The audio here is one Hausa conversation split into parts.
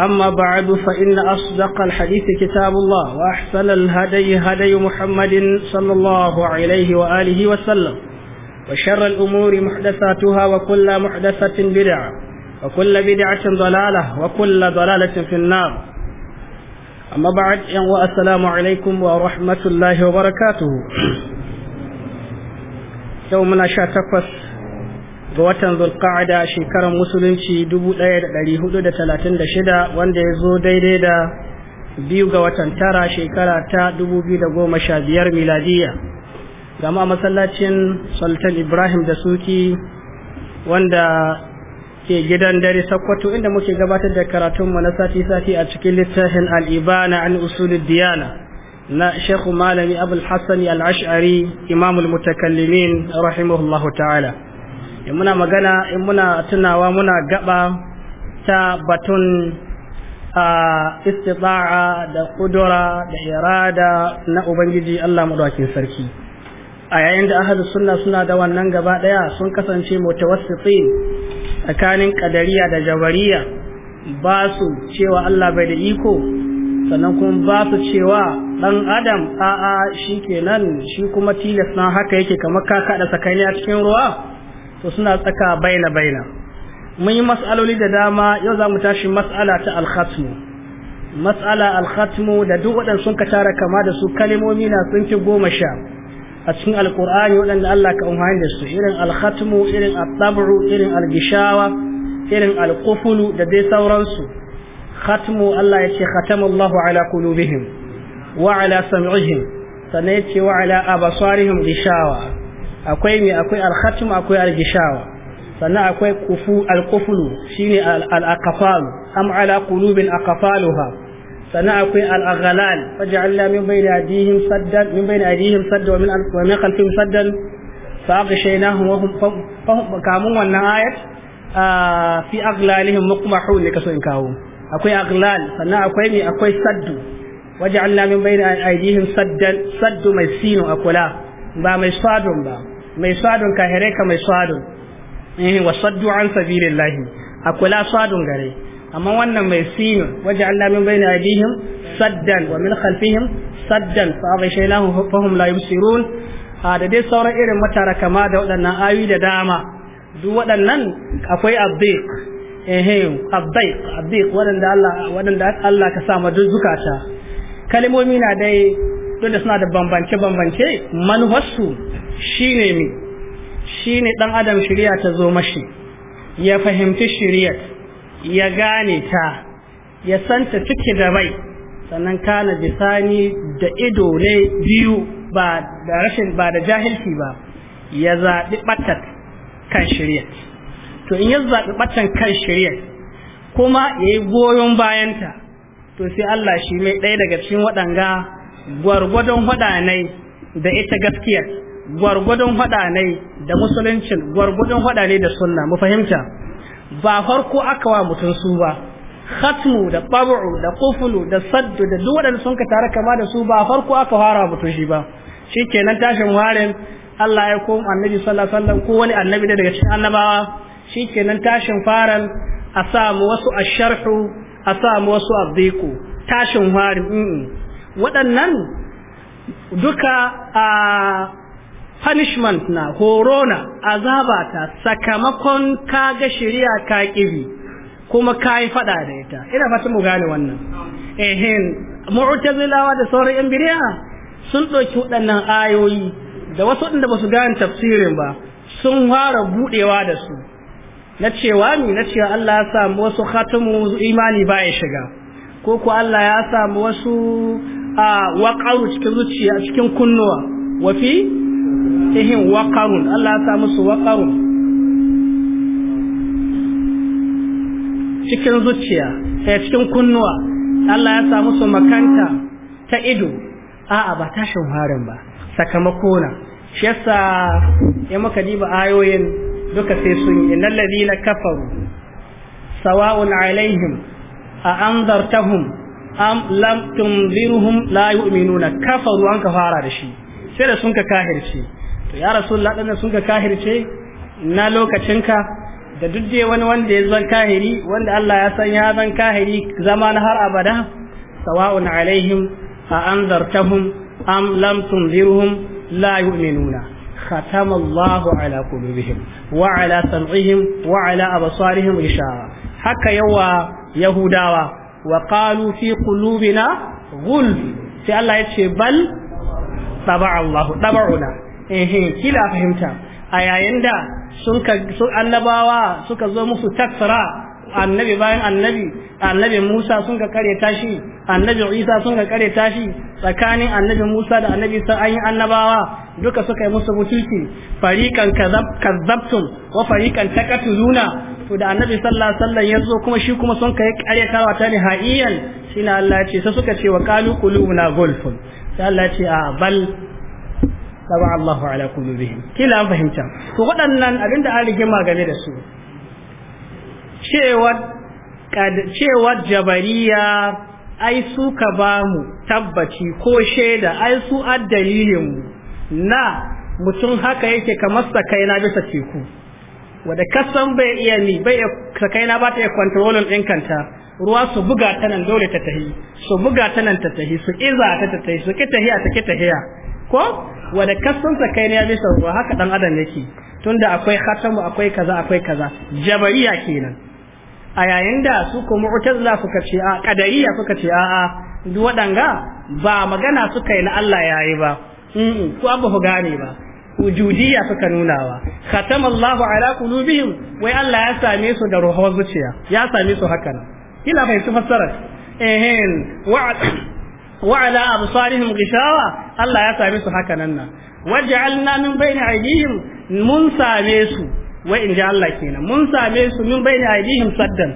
أما بعد فإن أصدق الحديث كتاب الله وأحسن الهدي هدي محمد صلى الله عليه وآله وسلم وشر الأمور محدثاتها وكل محدثة بدعة وكل بدعة ضلالة وكل ضلالة في النار أما بعد السلام عليكم ورحمة الله وبركاته يومنا شاتكوس ga watan zulqa'ada shekarar musulunci 1436 wanda ya zo daidai da biyu ga watan tara shekara ta 2015 miladiya gama masallacin sultan ibrahim da suki wanda ke gidan dare sakkwato inda muke gabatar da karatunmu na sati-sati a cikin littafin al'ibana an usulul diyana na shekhu malami abul hassani al'ash'ari imamul mutakallimin rahimahullahu ta'ala in muna magana in muna tunawa muna gaba ta batun a istita'a da kudura da irada na ubangiji Allah madaukakin sarki a yayin da Ahadu sunna suna da wannan gaba ɗaya sun kasance mota tsaye, tsakanin ƙadariya da jabariya ba su cewa Allah bai da iko sannan kuma ba su cewa ɗan adam a'a shi kenan shi kuma tilas na haka yake kamar kaka kada tsakani a cikin ruwa to suna tsaka baina baina mun yi mas'aloli da dama yau za mu tashi mas'ala ta al-khatmu mas'ala al-khatmu da duk waɗanda sun ka tara kama da su kalimomi na sun fi goma sha a cikin alkur'ani waɗanda Allah ka umarni da su irin al-khatmu irin al tabru irin al irin al da dai sauransu khatmu Allah ya ce khatamallahu ala kulubihim wa ala sam'ihim sannan ya ce wa ala abasarihim gishawa akwai mai akwai alkhatim akwai algishawa sannan akwai kufu alkufulu shine al-aqfal am ala qulubin aqfaluha sannan akwai al-aghlal faj'alna min bayni adihim saddan min bayni adihim saddan wa min wa min khalfihim saddan fa aghshaynahum wa hum kamun wannan ayat ah, fi aghlalihim muqmahun ne kaso in kawo akwai aghlal sannan akwai mi akwai saddu waj'alna min bayni adihim saddan saddu mai sino akula ba mai sadun ba mai swadun kahire ka mai sadun eh saddu an sabilillah akula sadun gare amma wannan mai sinu waje Allah min bayna aidihim saddan wa min khalfihim saddan fa lahu fahum la yubsirun da dai sauran irin matara kama da waɗannan ayoyi da dama duk waɗannan akwai abdiq eh abdiq abdiq waɗanda Allah waɗanda Allah ka sa madu zukata. kalmomi na dai duk suna da bambance-bambance manufarsu shine mi shine ɗan adam shirya ta zo mashi ya fahimci shari'ar ya gane ta ya santa ciki da bai sannan kana bisani da ido ne biyu ba da rashin ba da jahilci ba ya zaɓi ɓatar kan shiryar to in ya zaɓi ɓatan kan shari'ar kuma ya yi goyon bayanta to sai Allah shi mai ɗaya daga cikin waɗanga gwargwadon hudanai da ita gaskiya gwargwadon hudanai da musuluncin gwargwadon hudanai da sunna mu fahimta ba farko aka wa mutum su ba khatmu da tab'u da quflu da saddu da duk wadanda sun ka tare kama da su ba farko aka fara mutum shi ba shikenan tashin warin Allah ya koma annabi sallallahu alaihi wasallam ko wani annabi daga cikin annabawa shikenan tashin faran a samu wasu asharhu a samu wasu abdiku tashin warin waɗannan duka a punishment na corona azaba ta sakamakon kaga shari'a ka kibi kuma kai fada da ita ina fata mu gane wannan ehin mu'tazilawa da sauran yan bid'a sun ɗauki waɗannan ayoyi da wasu waɗanda ba su gane tafsirin ba sun fara buɗewa da su na cewa ni na cewa Allah ya samu wasu khatamu imani ba ya shiga ko ko Allah ya samu wasu a waƙaru cikin zuciya cikin kunnuwa wafi ihin waƙarun Allah ya sa musu waƙarun cikin zuciya sai cikin kunnuwa Allah ya sa musu makanta ta ido a'a ba tashin harin ba sakamako na shi yasa ya muka diba ayoyin duka sai sun yi innal ladina kafaru sawa'un alaihim a anzartahum am lam tunzirhum la yu'minuna kafaru an ka fara da shi sai da sun ka kahirce to ya rasulullah dan sun ka kahirce na lokacinka da duk wani wanda ya zan kahiri wanda Allah ya san ya zan kahiri zama na har abada sawa'un alaihim a anzartahum am lam tunzirhum la yu'minuna ختم الله على قلوبهم وعلى سمعهم وعلى أبصارهم غشاوة haka yawa yahudawa wa qalu fi qulubina ghulf sai Allah ya ce bal taba Allah tabauna eh kila fahimta a yayin da sun annabawa suka zo musu taksara annabi bayan annabi annabi Musa sun ka kare tashi annabi Isa sun ka kare tashi tsakanin annabi Musa da annabi Isa an yi annabawa duka suka yi musu mutunci fariqan kazzabtum wa fariqan taqatuluna to da annabi sallallahu alaihi wasallam yazo kuma shi kuma sun kai kare, ta ne ha'iyan na Allah ya ce sai suka ce wa qalu qulubuna gulfun sai Allah ya ce a bal tawa Allahu ala qulubihim kila an fahimta to waɗannan abinda an rige game da su cewa cewar jabariya ai su ka ba mu tabbaci ko shaida ai su addalilinmu na mutum haka yake kamar sakaina bisa teku wanda kasan bai iya ni bai sakaina ba ta iya kwantarolin ɗin kanta ruwa su buga ta nan dole ta tahi su buga ta nan ta tahi su iza ta ta tahi su ki tahiya ta ki tahiya ko wanda kasan sakaina bisa ruwa haka dan adam yake tunda akwai khatamu akwai kaza akwai kaza jabariya kenan a yayin da su ko mu'tazila suka ce a qadariya suka ce a'a duk wadanga ba magana suka yi na Allah yayi ba mm ku abu ku gane ba wujudiyya suka nunawa khatama Allah ala qulubihim wai Allah ya same su da ruhawar zuciya ya same su hakan kila bai tafsara eh wa wa ala absarihim ghishawa Allah ya same su hakan nan waj'alna min bayni aydihim mun same su wai in ji Allah kenan mun same su min bayni aidihim saddan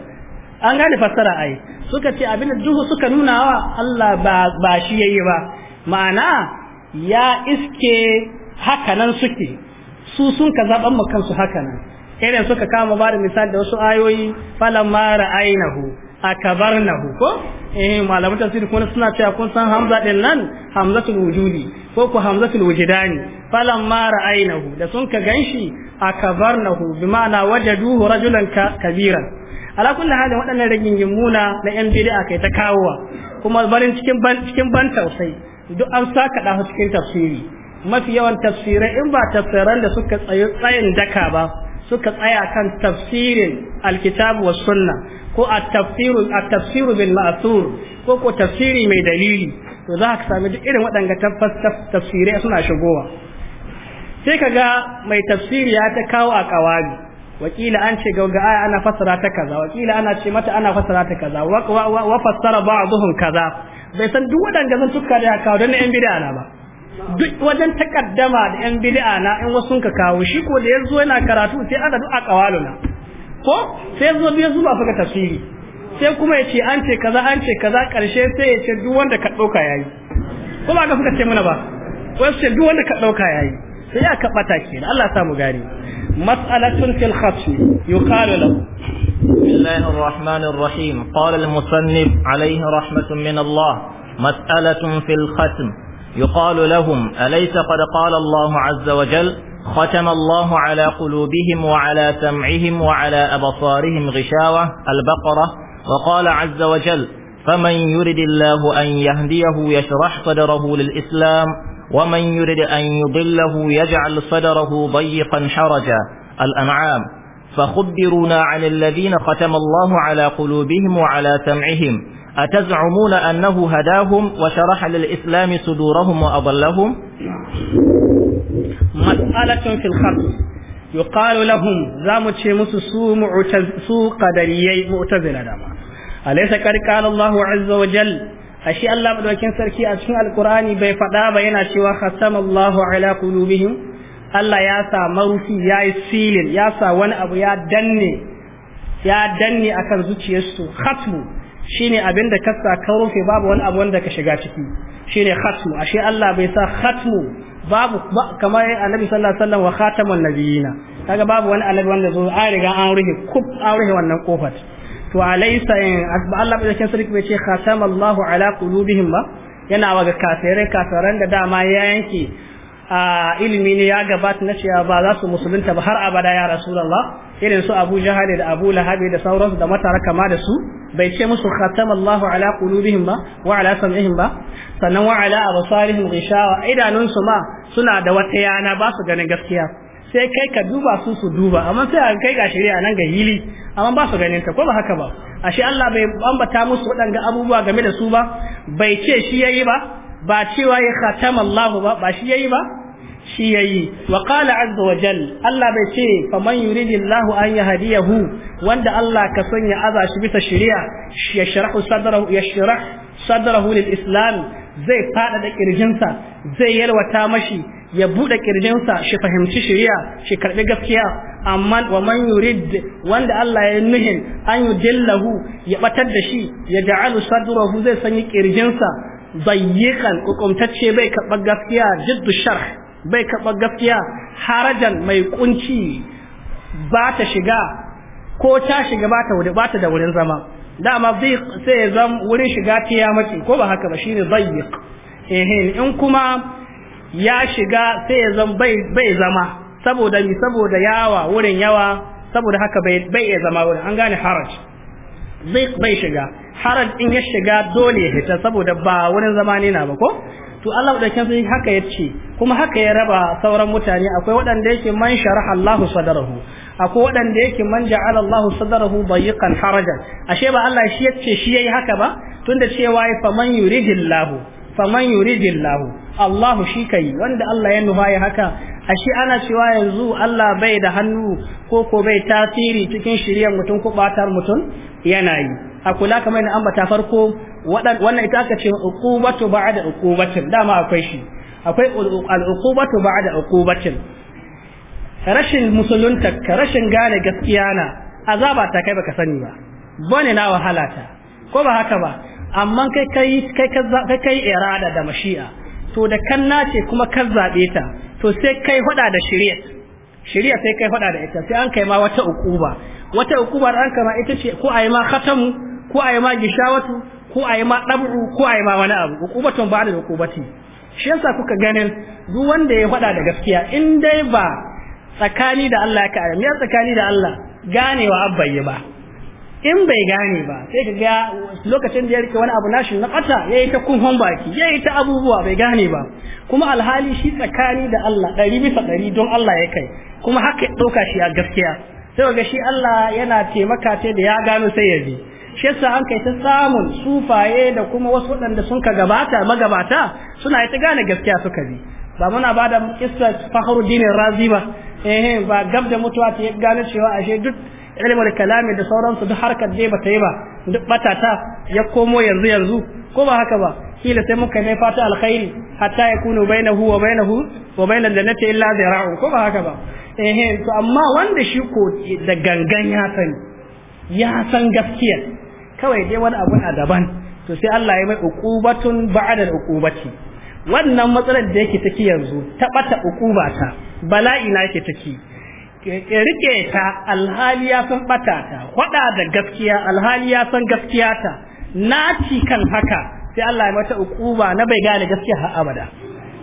an gane fassara ai suka ce abin da duhu suka nuna wa Allah ba ba shi yayi ba ma'ana ya iske hakanan suke su sun ka zaban mu kansu hakanan irin suka kama ba da misali da wasu ayoyi falamma ra'ainahu akabarnahu ko eh malamin tafsiri kuma suna cewa kun san hamza din nan hamzatul wujudi ko ku hamzatul falam ma ra'ainahu da sun ka ganshi hu bi ma'ana wajaduhu rajulan kabira ala kulli halin waɗannan muna na yan bid'a kai ta kawowa kuma barin cikin ban cikin ban tausayi duk an saka da cikin tafsiri mafi yawan tafsirai in ba tafsiran da suka tsayi tsayin daka ba suka tsaya kan tafsirin alkitabu wa sunna ko a tafsiru a tafsiru bil ma'thur ko ko tafsiri mai dalili to za ka sami duk irin waɗanga tafsirai suna shigowa sai ka ga mai tafsiri ya ta kawo a ƙawari wakila an ce ga aya ana fassara ta kaza wakila ana ce mata ana fassara ta kaza wa fassara ba'dhum kaza bai san duk waɗanda zan tukka da ya kawo don yan bid'a na ba duk wajen takaddama da yan bid'a na in wasu sun ka kawo shi ko da yazo yana karatu sai aka du'a kawaluna ko sai yazo biya zuwa faka tafsiri sai kuma yace an ce kaza an ce kaza karshe sai yace duk wanda ka dauka yayi ko ba ka suka ce mana ba ya ce duk wanda ka dauka yayi sai ya ka bata da Allah ya samu gari مسألة في الخصم يقال da بسم الله الرحمن الرحيم قال المصنف عليه رحمة من الله مسألة في الختم يقال لهم أليس قد قال الله عز وجل ختم الله على قلوبهم وعلى سمعهم وعلى أبصارهم غشاوة البقرة وقال عز وجل فمن يرد الله أن يهديه يشرح صدره للإسلام ومن يرد أن يضله يجعل صدره ضيقا حرجا الأنعام فخبرونا عن الذين ختم الله على قلوبهم وعلى سمعهم a atazumuna annahu hadahum wa sharaha lil islam sudurahum wa adallahum mas'alatun fil khalq yuqalu lahum zamu ce musu su mu'tal su qadariyyi mu'tazila dama alaysa qad qala allah azza wa jal ashi allah madaukin sarki a cikin alqurani bai fada ba yana cewa khasama allah ala qulubihim allah ya sa marufi ya silin ya sa wani abu ya danne ya danne akan zuciyarsu khatmu shine abin da kasa ka rufe babu wani abu wanda ka shiga ciki shine khatmu ashe Allah bai sa khatmu babu kamar annabi sallallahu alaihi wasallam wa khatamun nabiyina kaga babu wani annabi wanda zo an riga an rufe kuf an rufe wannan kofar to alaysa in Allah bai cikin sarki bai ce khatamallahu ala qulubihim ba yana waga kafirai kafiran da dama ya yanke a ilimi ne ya gabata na cewa ba za su musulunta ba har abada ya rasulallah. irin su Abu jahali da Abu lahabi da sauransu da matara kama da su bai ce musu khatama Allah ala qulubihim ba wa ala sam'ihim ba sannan wa ala absarihim ghishawa idanun su ma suna da wata yana ba su ganin gaskiya sai kai ka duba su su duba amma sai an kai ga shari'a nan ga hili amma ba su ganin ta ko ba haka ba ashe Allah bai ambata musu waɗanga abubuwa game da su ba bai ce shi yayi ba ba cewa ya khatama Allah ba ba shi yayi ba shi yi wa qala azza wa jal Allah bai ce faman yuridillahu an yahdiyahu wanda Allah ka sanya aza shi bisa shari'a ya sharahu sadrahu ya sharah sadrahu lil islam zai fada da kirjinsa zai yalwata mashi ya bude kirjinsa shi fahimci shari'a shi karbi gaskiya amma wa man yurid wanda Allah ya nuhin an yudillahu ya batar da shi ya ja'alu sadrahu zai sanya kirjinsa dayyikan hukumtacce bai karɓar gaskiya jiddu sharh bai karɓar gaskiya harajan mai kunci ba ta shiga ko ta shiga ba ta wuri ba ta da wurin zama dama zai sai ya zama wurin shiga ta ya mace ko ba haka ba shine zayyiq eh in kuma ya shiga sai ya zama bai bai zama saboda ni saboda yawa wurin yawa saboda haka bai bai ya zama wurin an gane haraj zai bai shiga haraj in ya shiga dole ya hita saboda ba wurin zama ne na ba ko to Allah da kansa yake haka yace kuma haka ya raba sauran mutane akwai waɗanda yake man sharaha Allahu sadarahu akwai waɗanda yake man ja'ala Allahu sadarahu dayiqan haraja. ashe ba Allah shi yace shi yayi haka ba tunda cewa fa man yuridillahu man yuridillahu Allahu shi kai wanda Allah ya nufa ya haka ashe ana cewa yanzu Allah bai da hannu ko ko bai tasiri cikin shiryan mutum ko batar mutum yana yi a kula kamar na ambata farko wannan ita aka ce uqubatu ba'da uqubatin dama akwai shi akwai al'uqubatu ba'da uqubatin rashin musulunta rashin gane gaskiya na azaba ta kai baka sani ba bane na wahala ta ko ba haka ba amma kai kai kai kai kai irada da mashi'a to da kan nace kuma kan zabe ta to sai kai hada da shari'a shari'a sai kai faɗa da ita sai an kai ma wata ukuba wata ukuba da an kama ita ce ko a yi ma khatamu ko a yi ma gishawatu ko a yi ma ɗab'u ko a yi ma wani abu hukubatun ba da hukubati shi yasa kuka ganin duk wanda ya faɗa da gaskiya in dai ba tsakani da Allah ya kare ya tsakani da Allah ganewa abbaye ba in bai gane ba sai ka ga lokacin da ya rike wani abu nashi na ƙata ya yi ta kunhon baki ya yi ta abubuwa bai gane ba kuma alhali shi tsakani da Allah ɗari bisa ɗari don Allah ya kai kuma haka ya ɗauka shi a gaskiya sai ga shi Allah yana taimaka sai da ya gano sai ya je. shi yasa an kai ta samun sufaye da kuma wasu waɗanda sun ka gabata magabata suna ita gane gaskiya suka bi ba muna ba da kissa Fakhruddin Razi ba eh ba gab da mutuwa ta gane cewa ashe duk ilimin kalami da sauransu duk harkar dai ta yi ba duk batata ya komo yanzu yanzu ko ba haka ba kila sai muka ne fata alkhairi hatta ya yakunu bainahu wa bainahu wa bainal jannati illa zira'u ko ba haka ba to amma wanda shi ko da gangan ya sani ya san gaskiyar. kawai dai wani abu a daban to sai Allah ya mai uqubatun ba'da uqubati wannan matsalar da yake take yanzu ta bata uqubata bala'i na yake take rike ta alhali ya san bata ta hada da gaskiya alhali ya san gaskiya ta naci kan haka sai Allah ya mata uquba na bai gane gaskiya har abada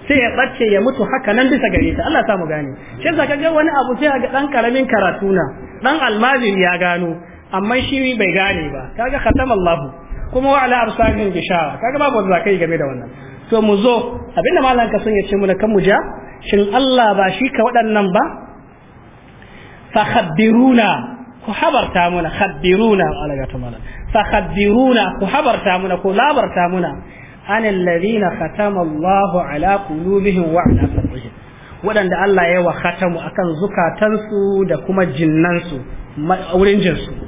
sai ya bace ya mutu haka nan bisa gare ta Allah ya samu gane za ka ga wani abu sai ga dan karamin karatu na dan almajiri ya gano amma shi bai gane ba kaga khatama Allah kuma wa ala absarihim bishara kaga babu wanda kai game da wannan to mu zo abinda mallan ka sun yace muna kan mu ja shin Allah ba shi ka waɗannan ba fa khabbiruna ku habarta muna khabbiruna alaga ta malam fa khabbiruna ku habarta muna ko labarta muna an alladhina khatama Allahu ala qulubihim wa ala sam'ihim waɗanda Allah ya wa khatamu akan zukatansu da kuma jinnansu wurin jinsu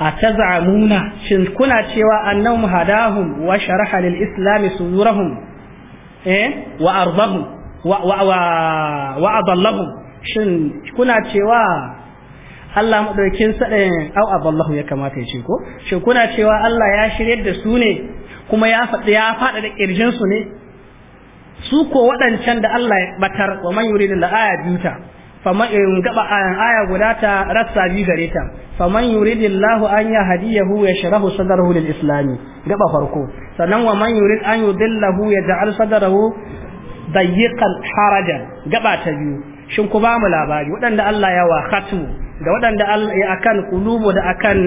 atazamuna shin kuna cewa annahum hadahum wa sharaha lil islam sudurahum eh wa ardahum wa wa wa adallahum shin kuna cewa Allah madaukin sa eh au adallahu ya kamata ya ce ko shin kuna cewa Allah ya shiryar da su ne kuma ya fada ya faɗa da kirjin su ne su ko waɗancan da Allah ya batar wa man yuridu la ayatuta faman eh, gaba eh, aya guda ta rassa bi gare ta faman yuridillahu an yahdiyahu yashrahu sadrahu lil islami gaba farko sannan wa man yurid an yudillahu yaj'al sadrahu dayyiqan harajan gaba ta biyu shin ku ba mu labari waɗanda Allah ya wa khatu da waɗanda Allah ya akan kulubu da akan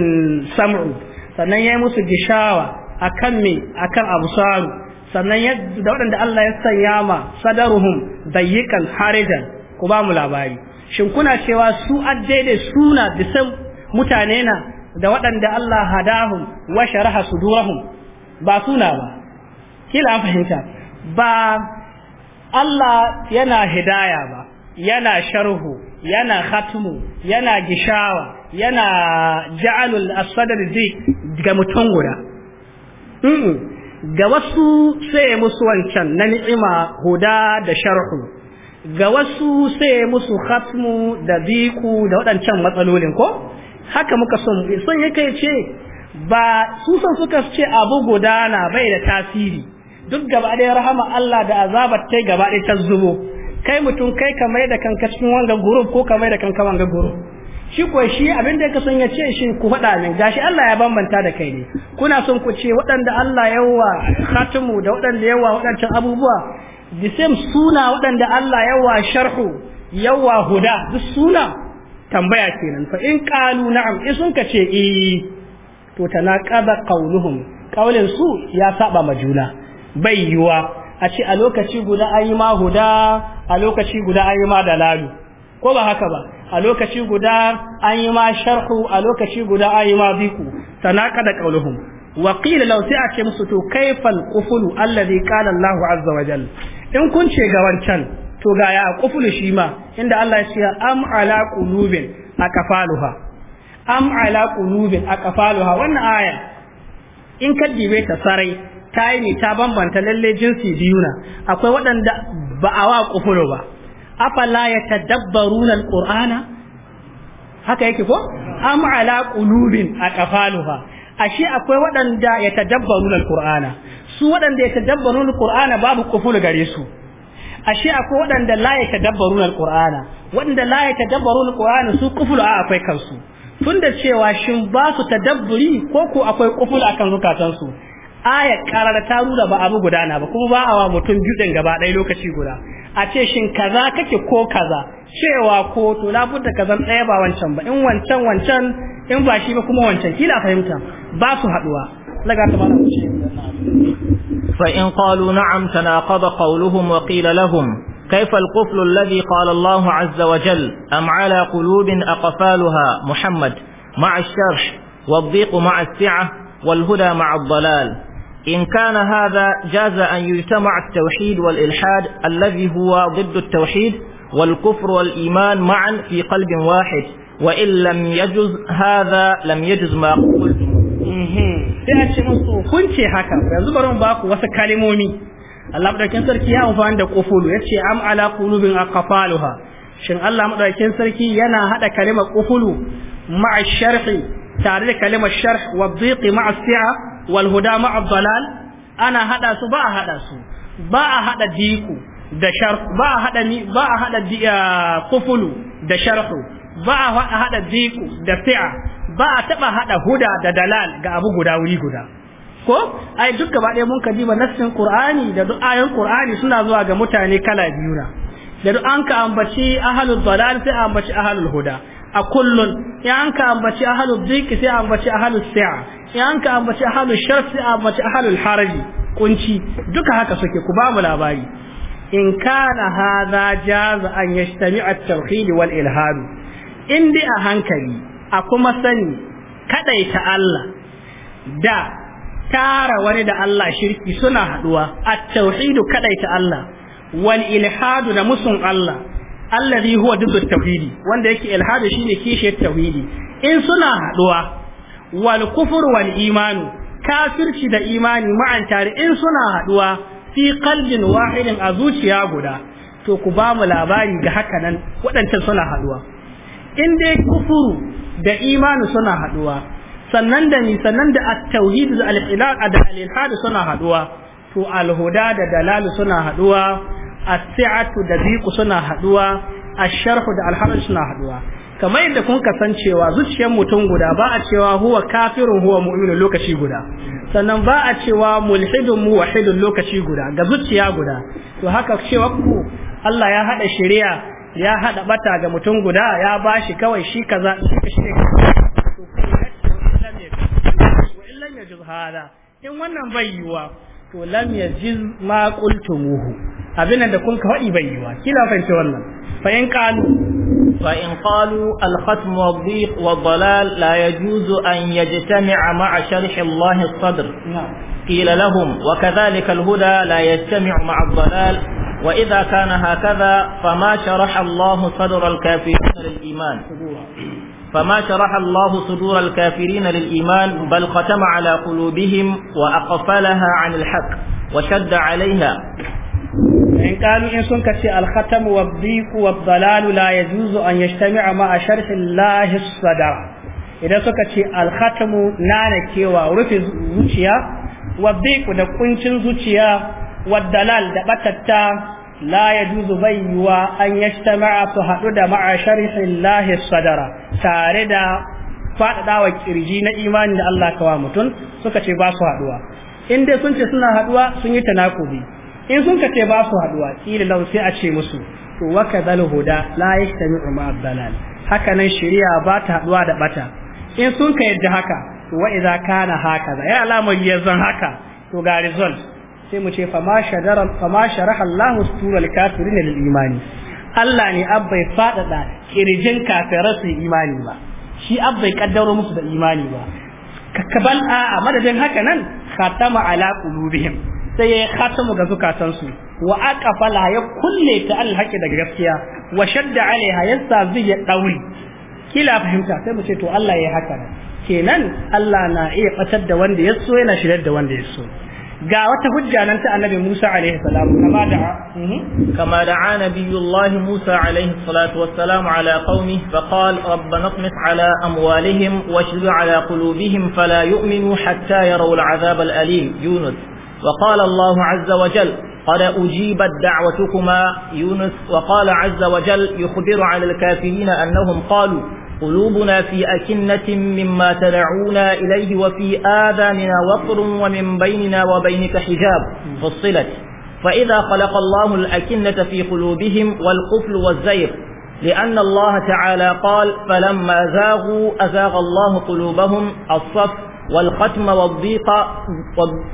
sam'u sannan ya yi musu gishawa akan me akan absaru sannan da waɗanda Allah ya sanya ma sadaruhum dayyikan harajan ku ba mu labari shin kuna cewa su addaidai suna bisan mutane na da waɗanda Allah hadahum wa sharaha sudurahum ba suna ba kila fahimta ba Allah yana hidaya ba yana sharhu yana khatmu yana gishawa yana ja'alul asadar zai ga mutum guda ga wasu sai musu wancan na ni'ima huda da sharhu ga wasu sai musu khatmu da biku da waɗancan matsalolin ko haka muka son son yake ce ba su san suka ce abu gudana bai da tasiri duk gaba ɗaya rahama Allah da azabar ta gaba ɗaya ta zubo kai mutum kai ka mai da kanka cikin wanga guruf ko ka mai da kanka wanga guruf shi ko shi abin da ka son ya ce shi ku faɗa min gashi Allah ya bambanta da kai ne kuna son ku ce waɗanda Allah yawa khatmu da waɗanda yawa waɗancan abubuwa the same suna waɗanda Allah yawa sharhu yawa huda duk suna tambaya kenan fa in qalu na'am in sun kace eh to tanaqaba qawluhum qawlin su ya saba ma juna bai yiwa a ce a lokaci guda an yi ma huda a lokaci guda an yi ma dalalu ko ba haka ba a lokaci guda an yi ma sharhu a lokaci guda an yi ma biku tanaqada qawluhum Wakila Lausai a ce musu to kaifal qufulu alladhi qala Allahu azza wa jalla in kun ce ga wancan to ga ya qufulu shi ma inda Allah ya ce am ala qulubin akafaluha am ala qulubin akafaluha wannan aya in ka dibe ta sarai ta yi ne ta bambanta lalle jinsi biyu na akwai waɗanda ba a wa kufuru ba afala ya tadabbaruna alqur'ana haka yake ko am ala a akafaluha ashe akwai waɗanda ya tadabbaru alqur'ana su waɗanda ya tadabbaru alqur'ana babu kuful gare su ashe akwai waɗanda la ya tadabbaru alqur'ana waɗanda la ya tadabbaru alqur'ana su kuful a akwai kansu tunda cewa shin ba su tadabburi ko ko akwai a akan zukatansu aya karar ta nuna ba abu gudana ba kuma ba a wa mutum biyu gaba ɗaya lokaci guda a ce shin kaza kake ko kaza cewa ko to labudda kazan ɗaya ba wancan ba in wancan wancan in ba shi ba kuma wancan kila fahimta ba su haduwa laga ta mana wuce fa in qalu na'am tanaqada qawluhum wa qila lahum كيف القفل الذي قال الله عز وجل أم على قلوب أقفالها محمد مع الشرح والضيق مع السعة والهدى مع الضلال إن كان هذا جاز أن يجتمع التوحيد والإلحاد الذي هو ضد التوحيد والكفر والإيمان معا في قلب واحد وإن لم يجز هذا لم يجز ما sai a ce musu kun ce haka yanzu bari mu ba ku wasu kalimomi Allah madaukakin sarki ya amfani da kufulu yace am ala qulubin aqfaluha shin Allah madaukakin sarki yana hada kalimar kufulu ma'a sharhi tare da kalimar sharh wa dhiqi ma'a si'a wal huda ma'a dalal ana hada su ba a hada su ba a hada diku da sharh ba a hada ni ba a hada ah, kufulu da sharhu ba a hada diku da si'a ba a taba hada huda da dalal ga abu guda wuri guda ko ai duk gaba ɗaya mun ba nassin qur'ani da du'ayen ƙur'ani qur'ani suna zuwa ga mutane kala biyu na da duk an ka ambaci ahlul dalal sai ambaci ahlul huda a kullun ya an ka ambaci ahlul dhiqi sai ambaci ahlul sa'a ya an ka ambaci ahlul shar sai ambaci ahlul haraji kunci duka haka suke ku ba mu labari in kana hadha jaza an yajtami'a at-tauhid wal ilhad indi a hankali a kuma sani ta Allah da tara wani da Allah shirki suna haɗuwa at-tauhidu ta Allah wal ilhadu da musun Allah allazi huwa dudu tauhidi wanda yake ilhadu shine kishiyar tauhidi in suna haɗuwa wal kufur wal imanu kafirci da imani ma'an tare in suna haɗuwa fi qalbin wahidin a zuciya guda to ku ba mu labari ga haka nan waɗancan suna haɗuwa in dai kufuru da imani suna haduwa sannan da ni sannan da at-tauhid da al da al-ilhad suna haduwa to al-huda da dalal suna haduwa as-si'atu da biqu suna haduwa ash-sharh da al-harj suna haduwa kamar yadda kun kasancewa zuciyar mutum guda ba a cewa huwa kafirun huwa mu'minun lokaci guda sannan ba a cewa mulhidun muwahhidun lokaci guda ga zuciya guda to haka cewa ku Allah ya hada shari'a ya hada bata ga mutum guda ya bashi kawai shi kaza shi ka shi wa illam yajuz hada in wannan bai yiwa to lam yajiz ma qultumuhu abin da kun ka faɗi bai yiwa kila fahimci wannan fa in qalu fa in qalu al khatm wa dhiq wa dalal la yajuzu an yajtami'a ma'a sharh Allah as-sadr qila lahum wa kadhalika al huda la yajtami'u ma'a ad-dalal وإذا كان هكذا فما شرح الله صدر الكافرين للإيمان فما شرح الله صدور الكافرين للإيمان بل ختم على قلوبهم وأقفلها عن الحق وشد عليها إن قالوا إن سنك الختم والضيق والضلال لا يجوز أن يجتمع مع شرح الله الصدر إذا سنك الختم نانك ورفض زوجيا والضيق ودقنش زوجيا والدلال دبتتا لا يجوز بيوا أن يجتمع فهدد مع شرح الله الصدر تاردا faɗaɗa wa kirji na imani da Allah kawa mutum suka ce ba su haɗuwa in dai sun ce suna haɗuwa sun yi ta tanakubi in sun ka ce ba su haɗuwa kila lau a ce musu to wa kadhal huda la yastami'u ma dalal haka nan shari'a ba ta haɗuwa da bata in sun ka yadda haka to wa idza kana haka ya alamar yazan haka to ga result sai mu ce fama shadara sharaha Allah sutural kafirin lil imani Allah ne abbai faɗaɗa kirjin kafirar su imani ba shi abbai kaddaro musu da imani ba kakabal a madadin haka nan khatama ala qulubihim sai ya khatamu ga zukatansu wa aqfala ya kulle ta alhaqi daga gaskiya wa shadda alaiha yasa zai dauri kila fahimta sai mu ce to Allah ya haka kenan Allah na iya fatar da wanda ya so yana shirar da wanda ya so ga wata hujja nan ta annabi Musa alaihi salam kama da kama da'a nabiyullah Musa alaihi salatu wassalam ala qaumi fa qala rabbana qmis ala amwalihim washdud ala qulubihim fala yu'minu hatta yaraw al'azab al'alim Yunus وقال الله عز وجل قد أجيبت دعوتكما يونس وقال عز وجل يخبر عن الكافرين أنهم قالوا قلوبنا في أكنة مما تدعونا إليه وفي آذاننا وقر ومن بيننا وبينك حجاب فصلت فإذا خلق الله الأكنة في قلوبهم والقفل والزيغ لأن الله تعالى قال فلما زاغوا أزاغ الله قلوبهم الصف والختم والضيق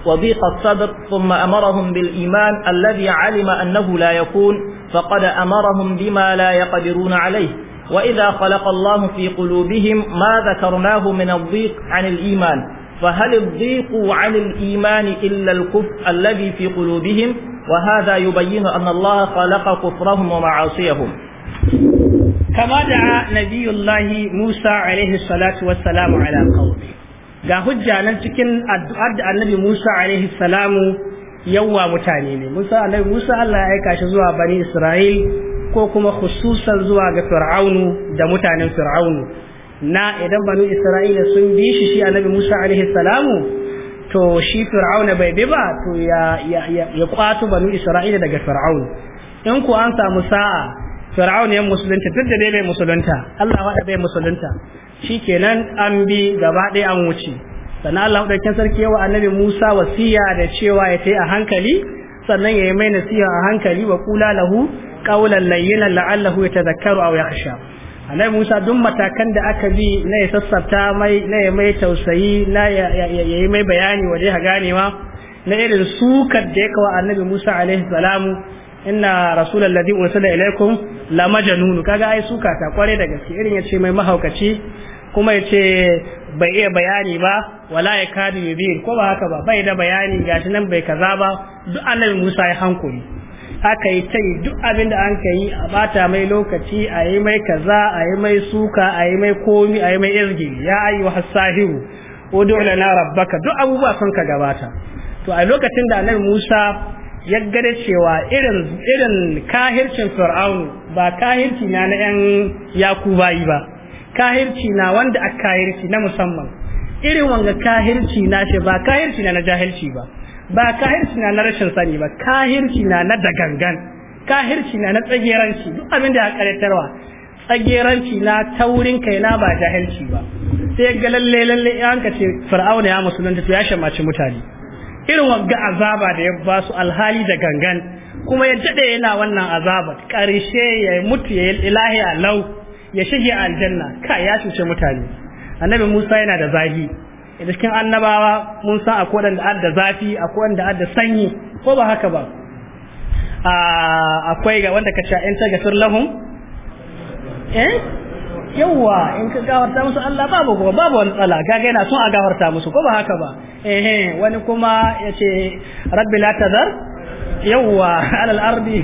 وضيق الصدر ثم أمرهم بالإيمان الذي علم أنه لا يكون فقد أمرهم بما لا يقدرون عليه وإذا خلق الله في قلوبهم ما ذكرناه من الضيق عن الإيمان فهل الضيق عن الإيمان إلا الكفر الذي في قلوبهم وهذا يبين أن الله خلق كفرهم ومعاصيهم كما دعا نبي الله موسى عليه الصلاة والسلام على قومه ga hujja nan cikin addu'ar da annabi Musa alaihi salamu yawa mutane ne Musa annabi Musa Allah ya aika shi zuwa bani Isra'il ko kuma khususan zuwa ga fir'aunu da mutanen fir'aunu na idan banu isra'ila sun bi shi shi annabi musa alaihi salamu to shi fir'auna bai bi ba to ya ya ya kwato banu isra'ila daga fir'aun in ku an samu sa'a fir'aun ya musulunta duk da dai bai musulunta Allah wa bai musulunta shikenan an bi gaba ɗaya an wuce sannan Allah madaukakin sarki yawa annabi Musa wasiya da cewa ya tai a hankali sannan ya yi mai nasiha a hankali wa kula lahu qawlan layyinan la'allahu ya a wuyar sha anai Musa duk matakan da aka bi na ya sassafta mai na ya mai tausayi na ya yi mai bayani waje ha ganewa na irin sukar da ya kawo annabi Musa alaihi salamu inna rasulal ladhi ursila ilaikum la majnun kaga ai suka ta kware da gaske irin ya ce mai mahaukaci kuma ya ce bai iya bayani ba wala ya kadu yubin ko ba haka ba bai da bayani gashi nan bai kaza ba duk annabi Musa ya hankuri aka yi tai duk abin da an ka yi a bata mai lokaci a yi mai kaza a yi mai suka a yi mai komi a yi mai izgi ya wa hasahiru ud'u lana rabbaka duk abubuwa sun ka gabata to a lokacin da annabi Musa ya gada cewa irin irin kahircin Fir'aunu ba kahirci na na yan yi ba kahirci na wanda a kahirci na musamman irin wanga kahirci na shi ba kahirci na na jahilci ba ba kahirci na na rashin sani ba kahirci na na dagangan kahirci na na tsageranci duk abin da ya karetarwa tsageranci na taurin kai na ba jahilci ba sai ga lalle lalle an ka ce fir'auna ya musulunta to ya shamaci mutane irin wanga azaba da ya ba su alhali da gangan kuma ya dade yana wannan azaba karshe ya mutu ya ilahi lau ya shige aljanna ka ya cuce mutane annabi Musa yana da zafi da cikin annabawa Musa akwai wanda adda zafi akwai wanda adda sanyi ko ba haka ba akwai ga wanda ka sha in ta gafir lahum eh yawa in ka gawarta musu Allah babu ko babu wani tsala kaga yana son a gawarta musu ko ba haka ba eh wani kuma yace rabbi la tazar yawwa alal ardi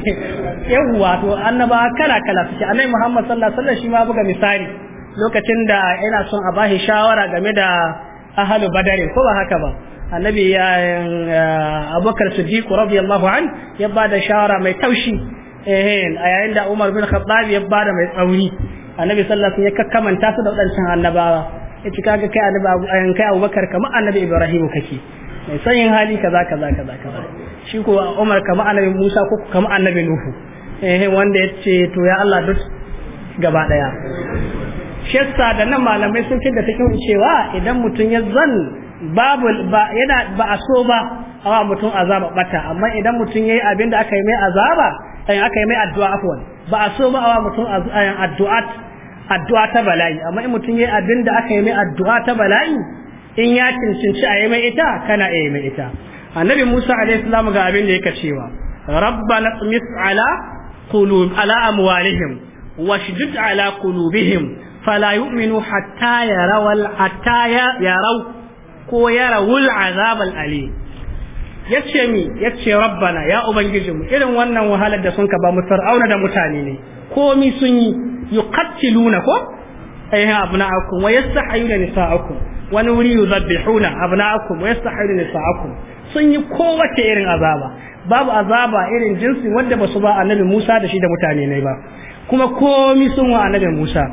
yawwa to annaba kala kala suke annabi Muhammad sallallahu alaihi wasallam shi ma buga misali lokacin da yana son a bashi shawara game da ahalu badari ko ba haka ba annabi ya eh, abubakar siddiq radiyallahu an ya bada shawara mai taushi eh a yayin da Umar bin Khattab ya bada mai tsauri annabi sallallahu alaihi wasallam ya kakkamanta su da wadancan annabawa yace kaga kai annabi eh, kai Abubakar kamar annabi Ibrahim kake mai sanin hali kaza kaza kaza kaza shi ko Umar kama annabi Musa ko kama annabi Nuhu eh wanda yace to ya Allah duk gaba daya shessa da nan malamai sun kinda take cewa idan mutum ya zan babu ba yana ba a so ba awa mutum azaba bata amma idan mutum yayi abin da aka yi mai azaba ai eh, aka yi mai addu'a afwan ba a so ba awa mutum eh, addu'a addu'a ta bala'i amma in mutum yayi abin da aka yi mai addu'a ta bala'i in ya cincinci a yi mai ita kana iya yi mai ita annabi Musa alaihi ga abin da yake cewa na tmis ala kulub ala amwalihim washdud ala qulubihim fala yu'minu hatta yarawal hatta yarau ko yarawul azab al alim yace mi yace rabbana ya ubangijinmu irin wannan wahalar da sun ka ba mu fir'auna da mutane ne komi sun yi yuqattiluna ko ayha abna'akum wa yastahiyuna nisa'akum wa nuri yuzabbihuna abna'akum wa yastahiyuna nisa'akum sun yi kowace irin azaba babu azaba irin jinsi wanda ba su ba annabi Musa da shi da mutane ne ba kuma komi sun wa annabi Musa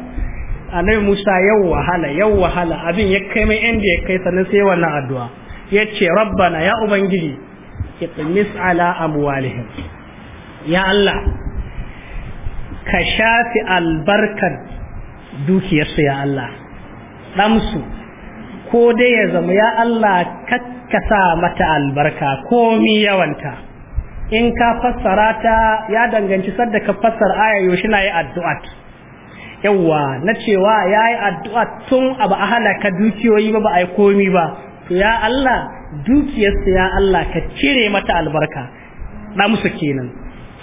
annabi Musa yau wahala yau wahala abin ya kai mai inda ya kai sannan sai wannan addu'a ya ce rabbana ya ubangiji tsimis ala amwalihim ya Allah ka shafi albarkar dukiyarsu ya Allah damsu ko dai ya zama ya Allah kakkasa mata albarka komi yawanta in ka fassara ta ya danganci sadda ka fassara aya yaushe na yi addu'a yawa na cewa ya yi addu'a tun abu a halaka dukiyoyi ba ba a yi komi ba to ya Allah dukiyarsa ya Allah ka cire mata albarka na musu kenan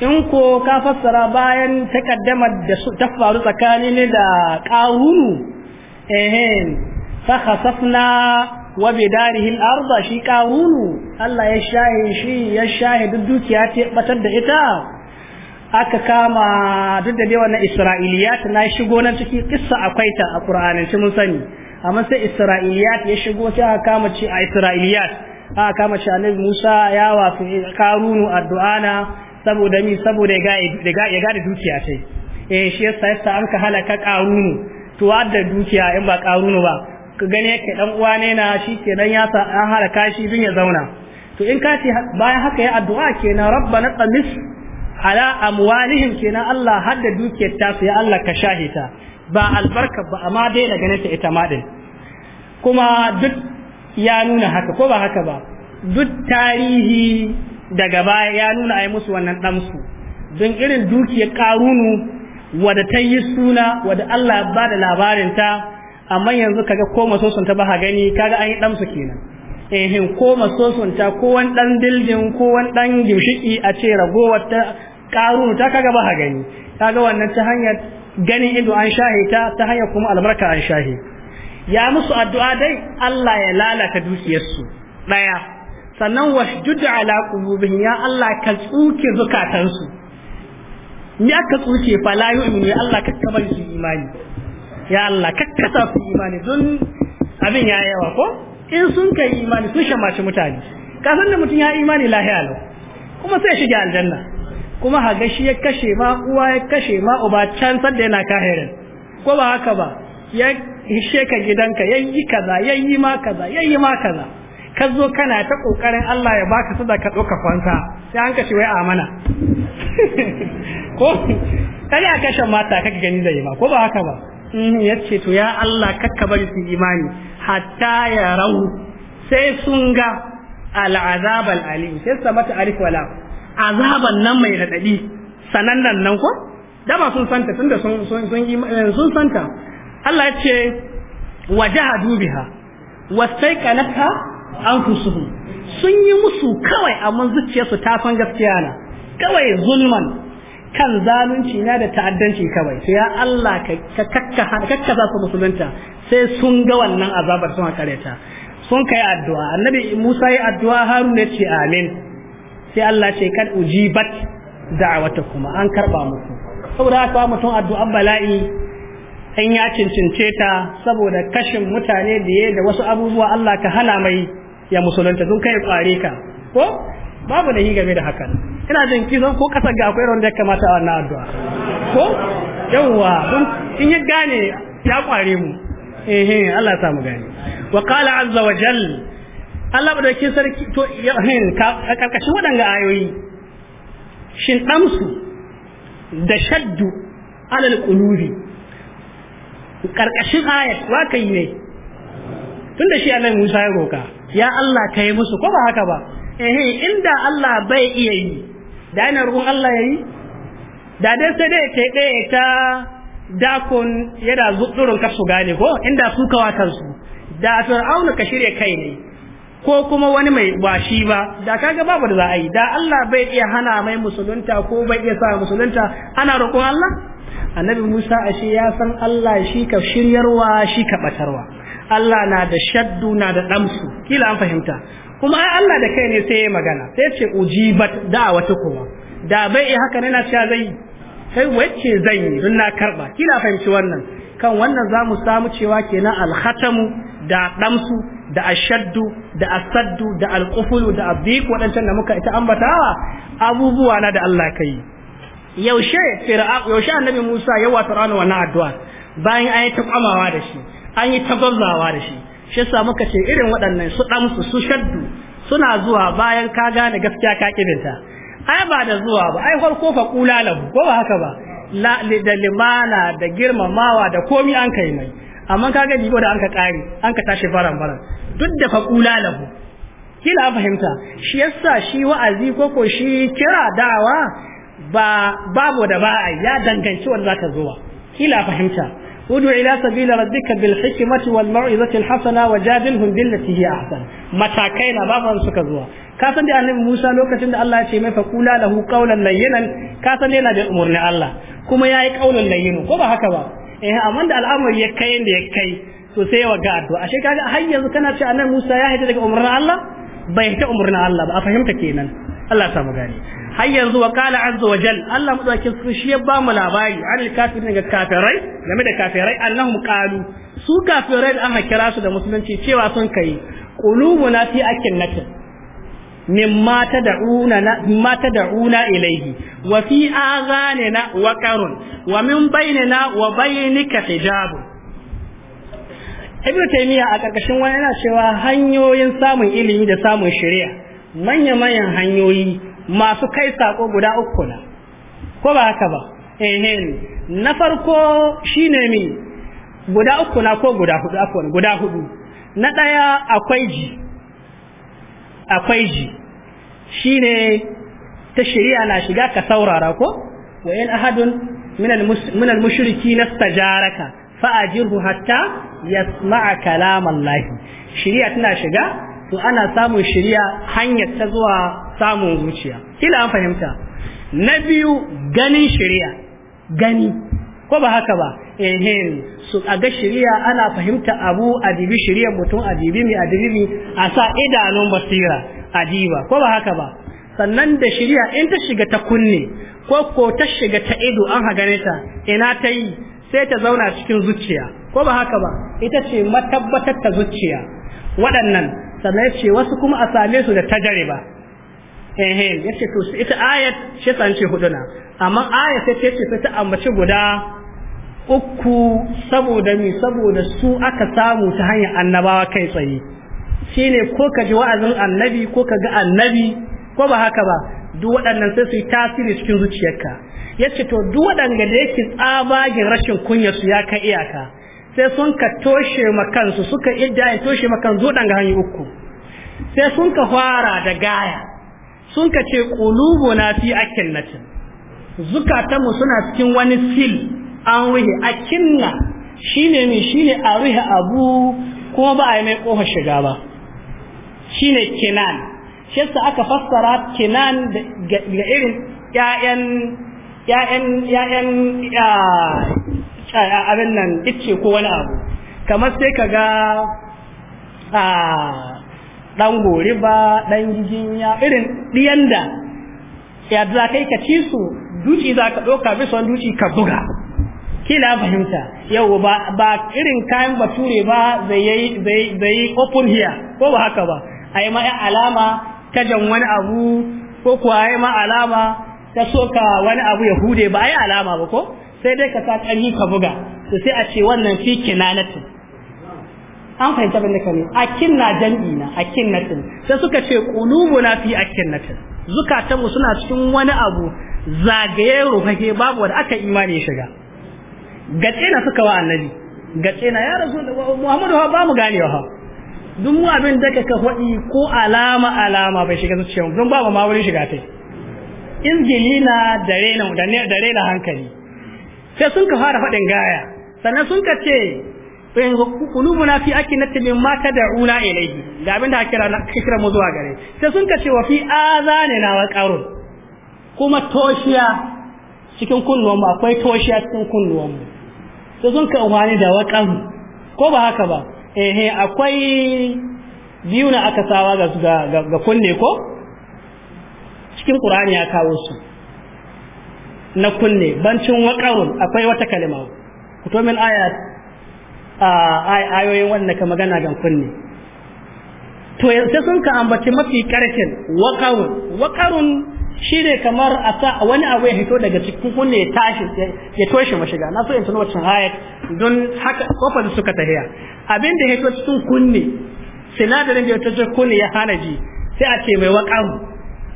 in ko ka fassara bayan takaddamar da ta faru tsakanin da ƙarunu fa khasafna wa bidarihi al-ardh shi qarunu Allah ya shahe shi ya shahe duk ya ta batar da ita aka kama duk da dai wannan isra'iliyat na shigo nan ciki kissa akwai ta a qur'anin mun sani amma sai isra'iliyat ya shigo sai aka kama ce a isra'iliyat aka kama ce annabi Musa ya wasu qarunu addu'ana saboda mi saboda ya ga da dukiya ta eh shi yasa yasa an ka halaka qarunu to wadda dukiya in ba qarunu ba ka gani yake dan uwa ne na shi kenan ya sa an halaka shi din ya zauna to in ka ce bayan haka ya addu'a kenan rabbana qamis ala amwalihim kenan Allah hadda dukiyar ta su ya Allah ka shahita ba albarka ba amma dai na ganin ta ita ma din kuma duk ya nuna haka ko ba haka ba duk tarihi daga baya ya nuna ai musu wannan su, don irin dukiyar karunu wadda ta yi suna wadda Allah ba da labarinta amma yanzu kaga ko masosun baha ha gani kaga an yi damsu kenan eh ko masosun ta ko wani dan dildin ko wani dan gimshiki a ce ragowar ta karu ta kaga ha gani kaga wannan ta hanyar ganin ido an shahe ta ta hanyar kuma albarka an shahe ya musu addu'a dai Allah ya lalata dukiyarsu daya sannan wasjud ala qulubihim ya Allah ka tsuke zukatansu ni aka tsuke fa la yu'minu Allah ka kabari imani ya Allah kakkasa su imani don abin ya yawa ko in sun kai imani sun shamaci mutane kasan da mutum ya imani lahiya lau kuma sai shiga aljanna kuma haga gashi ya kashe ma uwa ya kashe ma uba can sadda yana kahirin ko ba haka ba ya hishe ka gidanka yayi kaza yayi ma kaza yayi ma kaza ka zo kana ta kokarin Allah ya baka sadaka doka fansa sai an kace wai amana ko kada ka kashe mata kake gani zai ma ko ba haka ba ya ce to ya Allah kakka bari su imani hatta ya rau sai sun ga al'azab al'alim sai sa mata alif wala azaban nan mai radadi sanannan nan ko dama sun santa tunda sun sun sun eh, santa Allah ya ce sai biha an anfusuhum sun yi musu kawai amma zuciyarsu ta san gaskiya na kawai zulman kan zalunci na da ta'addanci kawai sai ya Allah ka kakka za su musulunta sai sun ga wannan azabar sun kareta sun kai addu'a annabi Musa ya addu'a Harun ya ce amin sai Allah ce kad ujibat da'awata kuma an karba muku saboda haka mutum addu'an bala'i an ya cincince ta saboda kashin mutane da yayi da wasu abubuwa Allah ka hana mai ya musulunta sun kai kware ka ko babu da game da hakan ina jin kisan ko kasar ga akwai wanda ya kamata a wannan addu'a ko yawwa don in ya gane ya kware mu eh eh Allah ya samu gani. wa qala azza wa jal Allah bada da sarki to ya karkashin waɗanga ayoyi shin damsu da shaddu alal qulubi karkashin ayat wa kai ne tunda shi Allah Musa ya roka ya Allah kai musu ko ba haka ba eh inda Allah bai iya yi da yana roƙon Allah ya yi. da dai sai dai ke ɗaya ta dakon yana zuɗurin kafsu gane ko inda su kawa su da fir'auna ka shirya kai ne ko kuma wani mai bashi ba da kaga babu da za a yi da Allah bai iya hana mai musulunta ko bai iya sa musulunta ana roƙon Allah annabi Musa ashe ya san Allah shi ka shiryarwa shi ka batarwa Allah na da shaddu na da damsu kila an fahimta kuma ai Allah da kai ne sai ya magana sai ce ujibat da'wata kuma da bai yi haka ne na cewa zai sai wacce zan yi don na karba kina fahimci wannan kan wannan zamu samu cewa kenan alhatamu da damsu da ashaddu da asaddu da alkufulu da abdik waɗancan da muka ita ambatawa abubuwa na da Allah kai yaushe fir'a yaushe annabi Musa ya wata ranar wannan addu'a bayan an yi ta kwamawa da shi an yi ta da shi shi yasa muka ce irin waɗannan su ɗansu su shaddu suna zuwa bayan ka gane gaskiya ka kibinta ai ba da zuwa ba ai farko fa kula ko ba haka ba la da limana da girmamawa da komi an kai mai amma kaga jibo da an ka kare an ka tashi baran baran duk da fa kula lahu kila fahimta shi yasa shi wa'azi ko ko shi kira dawa ba babu da ba ya danganci wanda zaka zuwa kila fahimta udu ila sabila rabbika bil hikmati wal mau'izati al hasana wajadilhum billati hi ahsan matakai na baban suka zuwa ka san da annabi Musa lokacin da Allah ya ce mai faqula lahu qawlan layyinan ka san yana da umurni Allah kuma yayi qawlan layyin ko ba haka ba eh amma da al'amari ya kai da ya kai to sai ga addu'a ashe kaga har yanzu kana ce nan Musa ya hita daga umurnin Allah bai ta umurnin Allah ba a fahimta kenan Allah ta gani har yanzu wa kala azza wa jal Allah mudaukin su shi ya ba mu labari anil kafirin ga kafirai game da kafirai annahum qalu su kafirai da aka kira su da musulunci cewa sun kai qulubuna fi akinnatin mimma tad'una mimma tad'una ilayhi wa fi azanina na wa min bainina wa bainika hijabun ibn taymiya a karkashin wani yana cewa hanyoyin samun ilimi da samun shari'a manya-manyan hanyoyi masu kai sako guda uku na ko ba haka ba ehen na farko shine mi guda uku na ko guda hudu afwan guda hudu na daya akwai ji akwai ji shine ta shari'a na shiga ka saurara ko wa in ahadun min al mushriki nastajaraka fa ajirhu hatta yasma'a kalam Allah shari'a tana shiga to ana samun shari'a hanyar ta zuwa samun zuciya kila an fahimta na biyu ganin shari'a gani ko ba haka ba ehem su a ga shari'a ana fahimta abu a dibi shari'a mutum a dibi mai adibi a sa idanun basira A adiba ko ba haka ba sannan da shari'a in ta shiga ta kunne ko ko ta shiga ta ido an hagane ta ina ta yi sai ta zauna cikin zuciya ko ba haka ba ita ce matabbatar ta zuciya waɗannan sannan ce wasu kuma a same su da tajariba ehem yace to ita ayat shi san ce hudu na amma ayat sai ce sai ta ambaci guda uku saboda mi saboda su aka samu ta hanyar annabawa kai tsaye shine ko ka ji wa'azin annabi ko ka ga annabi ko ba haka ba duk waɗannan sai su yi tasiri cikin zuciyarka yace to duk waɗanda da yake tsabagen rashin kunya su ya kai iyaka sai sun ka toshe ma kansu suka idda toshe ma waɗanda hanyar uku sai sun ka fara da gaya sun ka ce na fi zukata mu suna cikin wani sil an ruhe na. Shi ne shi ne a ruhe abu kuma ba a yi mai ƙofar shiga ba shi ne kinan shi yasa aka fassara kinan ga irin ƴaƴan ƴaƴan ƴaƴan abin nan ice ko wani abu kamar sai ka ga ah, dan gori ba dan giginya irin diyan da ya za kai ka ci su duci za ka ɗauka son duci ka buga kila fahimta yau ba ba irin kayan bature ba zai zai zai open here ko ba haka ba ai ma alama ta jan wani abu ko ko ai ma alama ta soka wani abu ya hude ba ai alama ba ko sai dai ka sa kani ka buga to sai a ce wannan fi kinanatin an fahimta ban nake ne akin na jam'i na akin tun sai suka ce na fi akin natin zukatan mu suna cikin wani abu zagaye rufage babu wanda aka imani ya shiga gace na suka wa annabi gace na ya da muhammadu ba mu gane wa duk mu abin da ka faɗi ko alama alama bai shiga zuciyar don babu ma wurin shiga in izgilina da rena da rena hankali sai sun ka fara faɗin gaya sannan sun ka ce to in qulubuna fi akinati mimma tad'una ilayhi ga abin da kira na kira mu zuwa gare sai sun ka ce wa fi azane na waqarun kuma toshiya cikin kunnuwan mu akwai toshiya cikin kunnuwan mu sai sun ka umarni da waqan ko ba haka ba eh, eh akwai biyu na aka sawa ga ga kunne ko cikin qur'ani ya kawo su na kunne bancin waqarun akwai wata kalma to min ayat ayoyin wanda ka magana gan kunne to sai sun ka ambaci mafi karshen wakarun wakarun shi ne kamar a sa wani abu ya hito daga cikin kunne ya tashi ya toshe mashiga na so in tuno wacin hayat don haka kofar suka tahiya abin da hito cikin kunne sinadarin da ya kunne ya hana ji sai a ce mai wakaru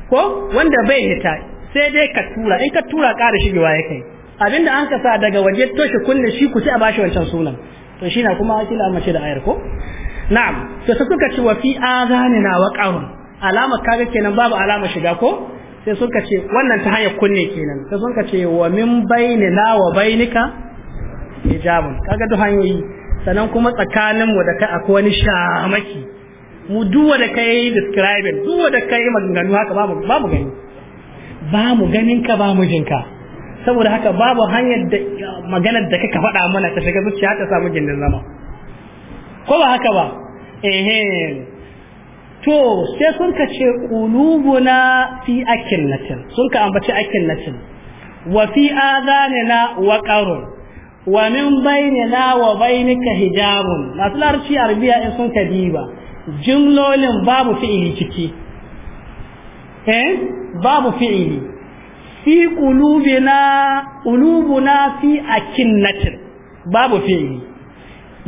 ko wanda bai hita sai dai ka tura in ka tura ƙara shigewa ya kai abinda an kasa daga waje toshe kunne shi ku ci a bashi wancan sunan to shi na kuma kila an mace da ayar ko na'am to sai suka ce wa fi na wa qarun alama kaga kenan babu alama shiga ko sai suka ce wannan ta hanyar kunne kenan sai suka ce wa min la wa bainika hijabun kaga duk hanyoyi sannan kuma tsakanin mu da kai akwai wani shamaki mu duwa da kai describing duwa da kai maganganu haka babu babu gani ba mu ganin ka ba mu jinka saboda haka babu hanyar da maganar da kaka faɗa mana ta shiga zuciya ta samu gindin zama ko ba haka ba ehe to sai sun ka ce qulubuna fi akillatin sun ka ambaci akillatin wa fi adanina wa qarun wa min bainina wa bainika hijabun masu larabci arabiya in sun ka diba jimlolin babu fi'ili ciki eh babu fi'ili fi qulubina qulubuna fi akinnatin babu fi'ili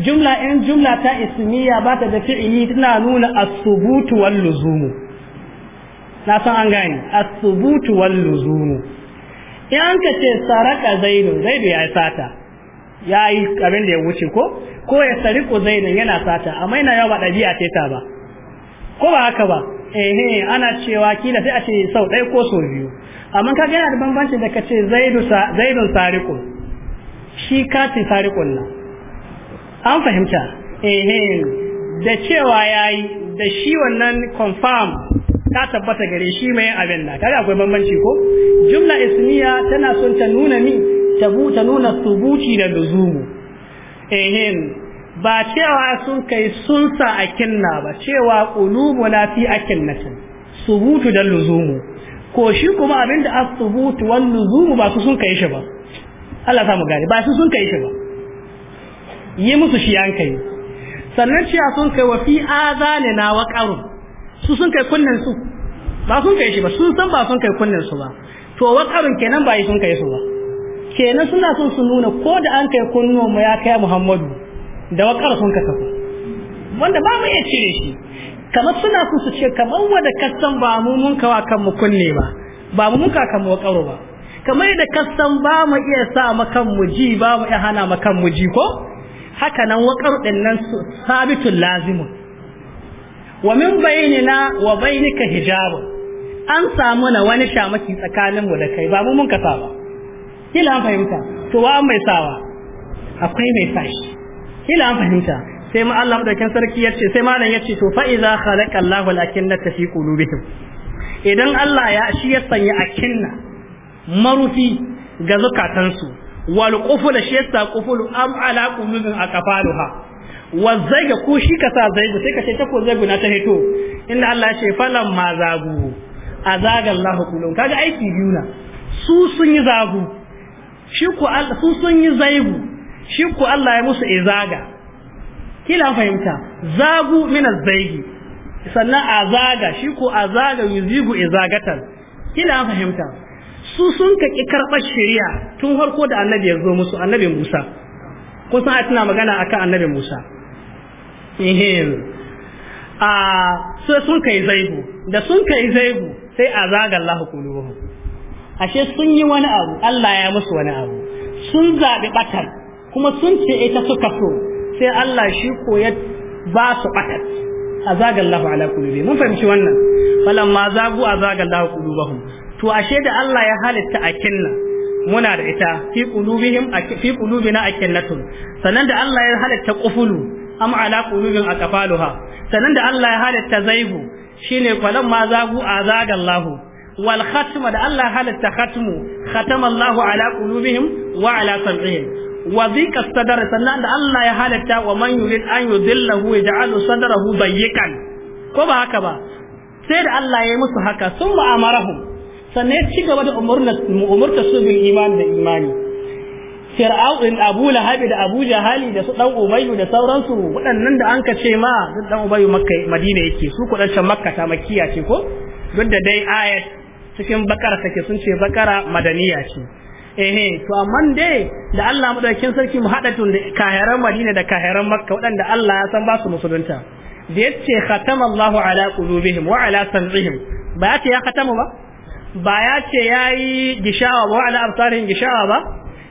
jumla in jumla ta ismiya ba ta da fi'ili tana nuna as-subutu wal luzumu na san an gane as wal luzumu in ka ce saraka zainu zaidu ya yi sata ya yi abin da ya wuce ko ko ya sariku zaidun yana sata amma yana yawa ba ɗabi'a ce ta ba ko ba haka ba eh ana cewa kila sai a ce sau ɗaya ko sau biyu amma kaga yana da bambanci da kace zaidu zaidun sariqun shi ka ce sariqun nan an fahimta eh da cewa yayi da shi wannan confirm ta tabbata gare shi mai abin da kaga akwai bambanci ko jumla ismiya tana son ta nuna ni ta ta nuna subuci da luzumu ehin ba cewa sun kai sun sa akinna ba cewa na fi akinnatin subutu da luzumu ko shi kuma abinda as-subut wal nuzum ba su sun kai shi ba Allah ta mu gane ba su sun kai shi ba yi musu shi an kai sannan ciya sun kai wa fi na wa qarun su sun kai kunnan su ba sun kai shi ba su san ba sun kai kunnan su ba to wa qarun kenan ba yi sun kai su ba kenan suna son su nuna ko da an kai kunnuwan mu ya kai Muhammadu da wa qarun sun ka wanda ba mu iya cire shi kamar suna ku su ce kamar wanda kasan ba mu mun kawa kan mu kunne ba ba mu muka kan mu karo ba kamar da kasan ba mu iya sa makan mu ji ba mu iya hana makan mu ji ko haka nan waƙar din nan sabitul lazimun wa min bainina wa bainika hijabun an samu na wani shamaki tsakanin mu da kai ba mu mun ka sa ba kila an fahimta to wa an mai sawa akwai mai sashi kila an fahimta sai ma Allah madaukin sarki ya ce sai malam ya ce to fa iza khalaqa Allahu al-akinnata fi qulubihim idan Allah ya shi ya sanya akinna marufi ga zukatansu wal qufula shi yasa quful am ala qulubin aqfaluha wa zaiga ko shi ka sa zaiga sai ka ce ta ko zaiga na ta hito inda Allah ya ce falan ma zagu azaga Allahu qulubum kaga aiki biyu na su sun yi zagu shi ko Allah su sun yi zaibu shi ko Allah ya musu izaga kila fahimta zagu min zaigi sannan azaga shi ko azaga yuzigu izagatan kila fahimta su sun ka ki karɓar shari'a tun farko da annabi ya zo musu annabi Musa ko san tana magana akan annabi Musa a so sun kai zaihu da sun kai zaihu sai azaga Allah qulubuhum ashe sun yi wani abu Allah ya musu wani abu sun zabi batar kuma sun ce ita suka so sai Allah shi ko ya ba su bakat azaga Allahu ala qulubi mun fahimci wannan ma zagu azaga Allahu kulubahu. to ashe da Allah ya halitta a akinna muna da ita fi qulubihim fi qulubina akinnatun sannan da Allah ya halitta qufulu am ala a kafaluha sannan da Allah ya halitta zaihu shine ma zagu azaga Allahu والختم ده الله هل التختم ختم الله على wa وعلى سمعهم wa dhika sadar sannan da Allah ya halatta wa man yurid an yudillahu yaj'alu sadrahu dayyikan ko ba haka ba sai da Allah ya yi musu haka sun ba amarahum sannan ya ci gaba da umurta su bil iman da imani fir'aun abu lahabi da abu jahali da su dan ubayyu da sauransu waɗannan da anka ce ma duk dan ubayyu makka madina yake su ku dan makka ta makkiya ce ko duk da dai ayat cikin bakara take sun ce bakara madaniya ce eh to amma dai da Allah madaukin sarki mu hada tun da kaheran Madina da kaheran Makka waɗanda Allah ya san ba su musulunta da yace khatama Allahu ala qulubihim wa ala sam'ihim ba ya ce ya khatama ba ba ya ce yayi gishawa ba ala absarihim gishawa ba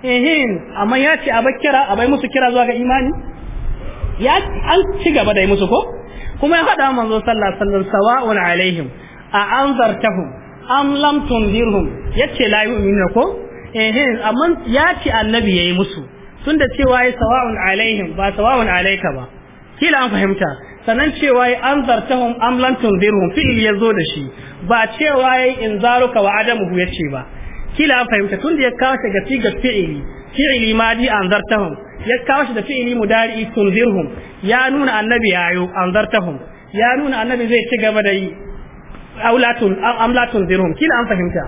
eh amma ya ce a bakira a bai musu kira zuwa ga imani ya an ci gaba da yi musu ko kuma ya hada manzo sallallahu alaihi wasallam sawa'un alaihim a anzartahum am lam tundirhum yace la yu'minu ko eh amma ya ce annabi yayi musu tunda cewa ya sawa'un alaihim ba sawa'un alayka ba kila an fahimta sannan cewa ya anzartahum am lan tunzirhum fi'il yazo da shi ba cewa yayi inzaruka wa adamu yace ba kila an fahimta tunda ya kawo shi ga sigar fi'ili fi'ili madi anzartahum ya kawo shi da fi'ili mudari tunzirhum ya nuna annabi yayo anzartahum ya nuna annabi zai ci gaba da yi aulatun amlatun la kila an fahimta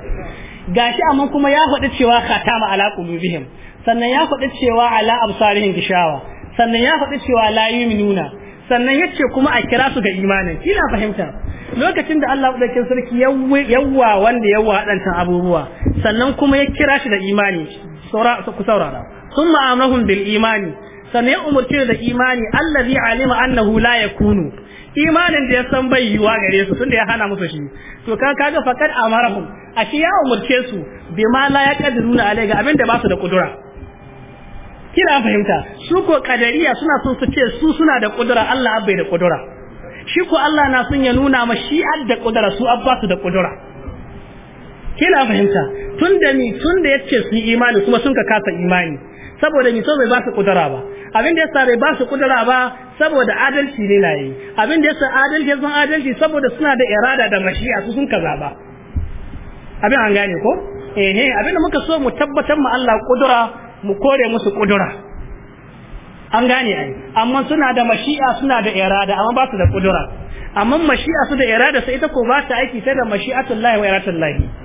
gashi amma kuma ya faɗi cewa ma ala qulubihim sannan ya faɗi cewa ala absarihim gishawa sannan ya faɗi cewa la yu'minuna sannan yace kuma a kira su ga imanin kina fahimta lokacin da Allah ɗauke sarki yawwa wanda yawwa waɗancan abubuwa sannan kuma ya kira shi da imani ku saurara sun ma'amrahum bil imani sannan ya umarci da imani Allah allazi alima annahu la yakunu imanin da ya san bai yiwa gare su tunda ya hana musu shi to ka kaga faqad amarahum shi ya umurce su ma la yaqdiruna alai ga abinda ba su da kudura kina fahimta su ko kadariya suna so su ce su suna da kudura Allah abai da kudura shi ko Allah na sun ya nuna ma shi da kudura su abbasu da kudura kina fahimta tunda ni tunda yace su imani kuma sun ka kasa imani saboda ni so bai ba su kudura ba abin da yasa bai ba su kudura ba saboda adalci ne laye abin da yasa adalci sun adalci saboda suna da irada da mashi'a su sun kaza ba abin an gane ko eh eh abin da muka so mu tabbatar mu Allah kudura mu kore musu kudura an gane ai amma suna da mashi'a suna da irada amma ba su da kudura amma mashi'a su da irada sai ita ko ba ta aiki sai da mashi'atullahi wa iradatullahi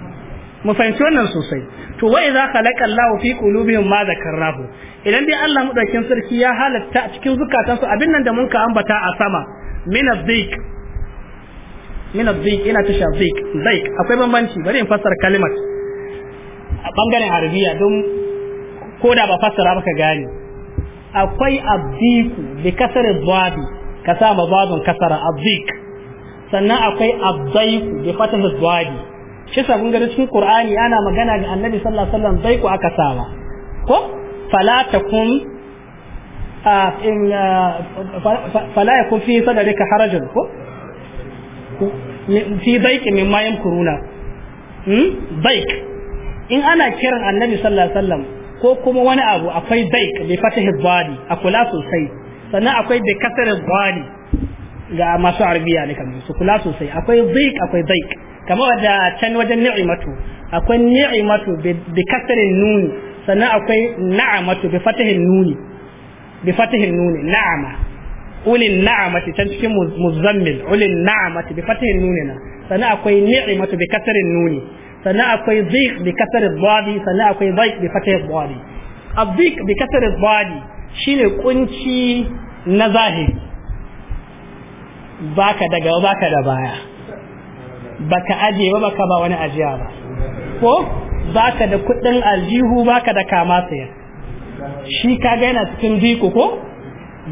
mu fahimci wannan sosai to wa idza khalaqa Allahu fi qulubihim ma zakarrahu idan dai Allah mudaukin sarki ya halatta a cikin zukatansu abin nan da mun ka ambata a sama min azzik min azzik ina tasha azzik zaik akwai bambanci bari in fassara kalimat a bangaren arabiya don ko da ba fassara ba ka gane akwai azziku bi kasar babi ka sa ma kasara azzik sannan akwai azzaiku bi fatah babi shi sa kun ga cikin Qur'ani ana magana ga Annabi sallallahu alaihi wasallam sai ku aka sawa ko fala takun in fala yakun fi sadrika harajun ko fi daik min ma yamkuruna hmm daik in ana kiran Annabi sallallahu alaihi wasallam ko kuma wani abu akwai daik fata fatahi a kula sosai sannan akwai bi kasar dhali ga masu arabiya ne kamar su kula sosai akwai daik akwai daik kamar da can wajen ni'imatu akwai ni'imatu bi kasrin nuni sannan akwai na'amatu bi fatihin nuni bi fatihin nuni na'ama ulin na'amati can cikin muzammil ulin na'amati bi fatihin nuni na sannan akwai ni'imatu bi kasrin nuni sannan akwai dhiq bi kasrin dhadi sannan akwai dhiq bi fatihin dhadi adhiq bi kasrin dhadi shine kunci na zahiri baka daga baka da baya baka aje ba baka ba wani ajiya ba ko baka da kudin aljihu baka da kama saya shi ka ga yana cikin diko ko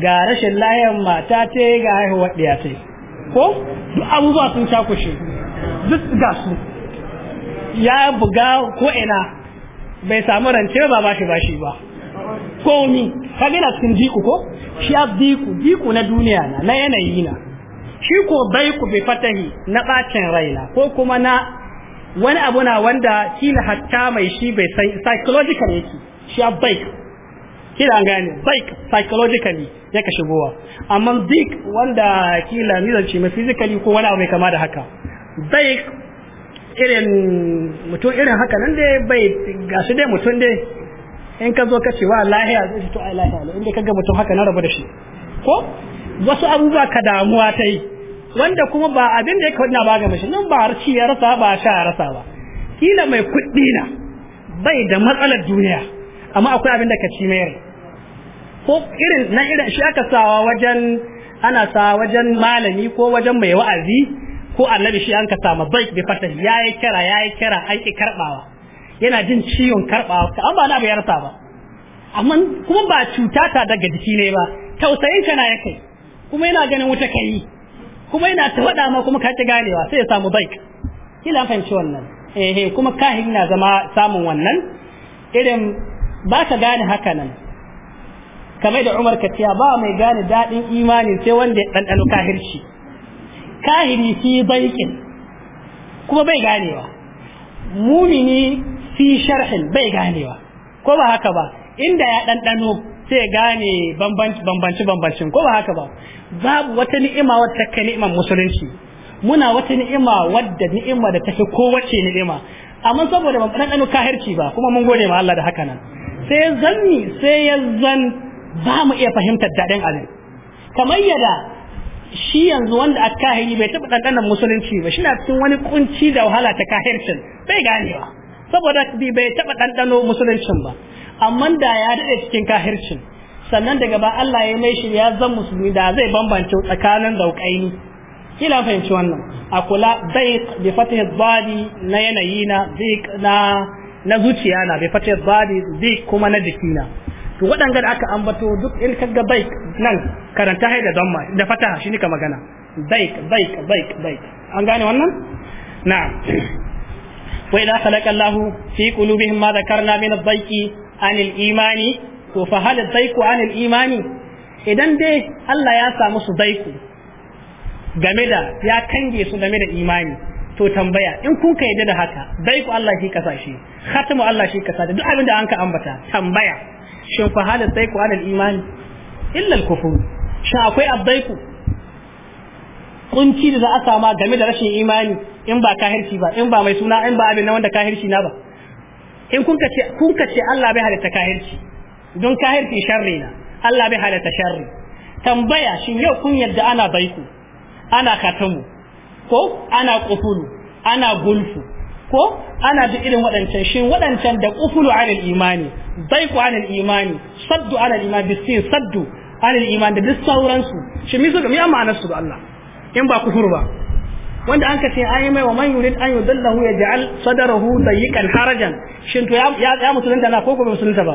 ga rashin layan mata ce ga haihuwar ɗiya ce ko duk abubuwa sun cakushe duk ga su ya buga ko ina bai samu rance ba bashi bashi ba ko ni ka ga yana cikin diko ko shi abdiku diko na duniya na na yanayi na shi ko bai ku bi fatahi na bacin raina ko kuma na wani abu na wanda na hatta mai shi bai san psychological yake shi a bai kila gane bai psychologically ya ka shigowa amma dik wanda kila nizarci mai physically ko wani abu mai kama da haka bai irin mutum irin haka nan dai bai shi dai mutum dai in ka zo ka ce wa lahiya zai to ai lahiya inda ka ga mutum haka na rabu da shi ko wasu abubuwa ka damuwa ta yi wanda kuma ba abin da ya kawai na ba ga mashi nan ba harci ya rasa ba sha ya rasa ba kila mai kuɗi na bai da matsalar duniya amma akwai abin da ka ci mai ko irin na irin shi aka sawa wajen ana sa wajen malami ko wajen mai wa'azi ko annabi shi an ka sama bai bi fata yi kira ya yi kira an ki karbawa yana jin ciwon karbawa amma na bai rasa ba amma kuma ba cuta ta daga jiki ne ba tausayin ka na yake kuma yana ganin wuta kai kuma yana ta faɗa ma kuma ka ci ganewa sai ya samu baik kila fahimci wannan eh kuma kahin na zama samun wannan irin ba ka gane haka nan kamar da Umar Katiya ba mai gane daɗin imani sai wanda ya ɗanɗano kahirci kahiri fi baikin kuma bai ganewa mumini fi sharhin bai ganewa ko ba haka ba inda ya ɗanɗano sai gane bambanci bambancin ko ba haka ba babu wata ni'ima wadda take ni'imar musulunci muna wata ni'ima wadda ni'ima da ko kowace ni'ima amma saboda ban ɗanɗano kahirci ba kuma mun gode ma Allah da haka nan sai ya zanni sai ya zan ba mu iya fahimtar daɗin abin kamar yadda shi yanzu wanda a kahiri bai taɓa ɗanɗanon musulunci ba shi na cikin wani kunci da wahala ta kahircin bai ganewa saboda bai taɓa ɗanɗano musuluncin ba amma da ya daɗe cikin kahircin sannan daga ba Allah ya mai shi ya zan musulmi da zai bambance tsakanin dauƙaini kila fahimci wannan a kula zai bi fatih badi na yanayi na na na zuciya na bi fatih badi zai kuma na jiki na to waɗanda da aka ambato duk in kaga bai nan karanta haida don da Fata shi ne ka magana bai bai bai bai an gane wannan na'am wa idza khalaqa Allahu fi qulubihim ma dhakarna min ad-dayqi anil imani to fa hal daiku anil imani idan dai Allah ya samu su daiku game da ya kange su game da imani to tambaya in kun ka yadda da haka zaiku Allah shi kasa shi khatamu Allah shi kasa duk abin da an ka ambata tambaya shin fa hal daiku anil imani illa al kufur shin akwai abdaiku kunci da za a sama game da rashin imani in ba kahirci ba in ba mai suna in ba abin na wanda kahirci na ba in kun ka ce kun ce Allah bai halitta kahirci don kahirci sharri na Allah bai halitta sharri tambaya shi yau kun yadda ana baiku ana katamu ko ana kufulu ana gulfu ko ana duk irin waɗancan shi waɗancan da kufulu alal imani baiku alal imani saddu alal imani bisin saddu alal imani da duk sauransu shin mi suka mi amma anasu da Allah in ba kufuru ba wanda an ka ce an yi mai wa man yurid an yudallahu yaj'al sadarahu dayyqan harajan shin to ya ya musulunta na ko ko musulunta ba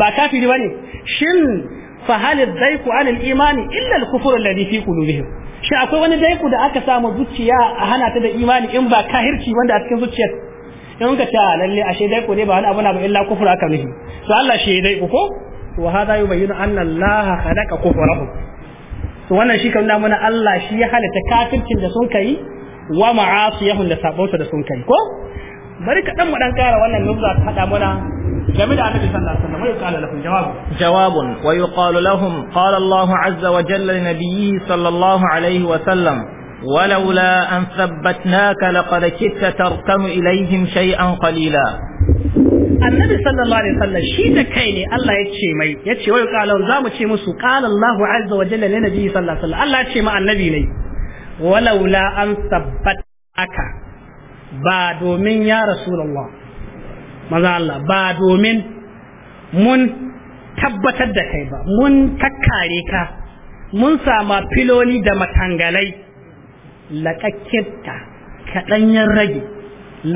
ba kafiri bane shin fa hal dayku an al-imani illa al-kufr alladhi fi qulubihim shi akwai wani daiku da aka samu zuciya a hana ta da imani in ba kahirci wanda a cikin zuciyar in ka ta ah, lalle ashe daiku ne ba wani abu na ba illa kufur aka nufi to Allah shi daiku ko wa hadha yubayyinu anna Allah khalaqa kufrahum wannan shi kan mana Allah shi ya halitta kafircin da sun kai wa ma'asiyahun da sabonsa da sun kai ko bari ka dan mu dan kara wannan nuzza ta hada mana game da annabi sallallahu alaihi wasallam yuqalu lahum jawabun jawabun wa yuqalu lahum qala Allah azza wa jalla li nabiyhi sallallahu alaihi wa sallam ولولا أن ثبتناك لقد كدت تركن إليهم شيئا قليلا annabi sallallahu alaihi wasallam shi da kai ne Allah ya ce mai ya ce wai qalan za mu ce musu qala Allahu azza wa jalla ne nabi sallallahu alaihi wasallam Allah ya ce ma annabi ne Walau la an sabbataka ba domin ya rasulullah maza Allah ba domin mun tabbatar da kai ba mun takkare ka mun sama filoni da matangalai laƙaƙƙinta kaɗanyen rage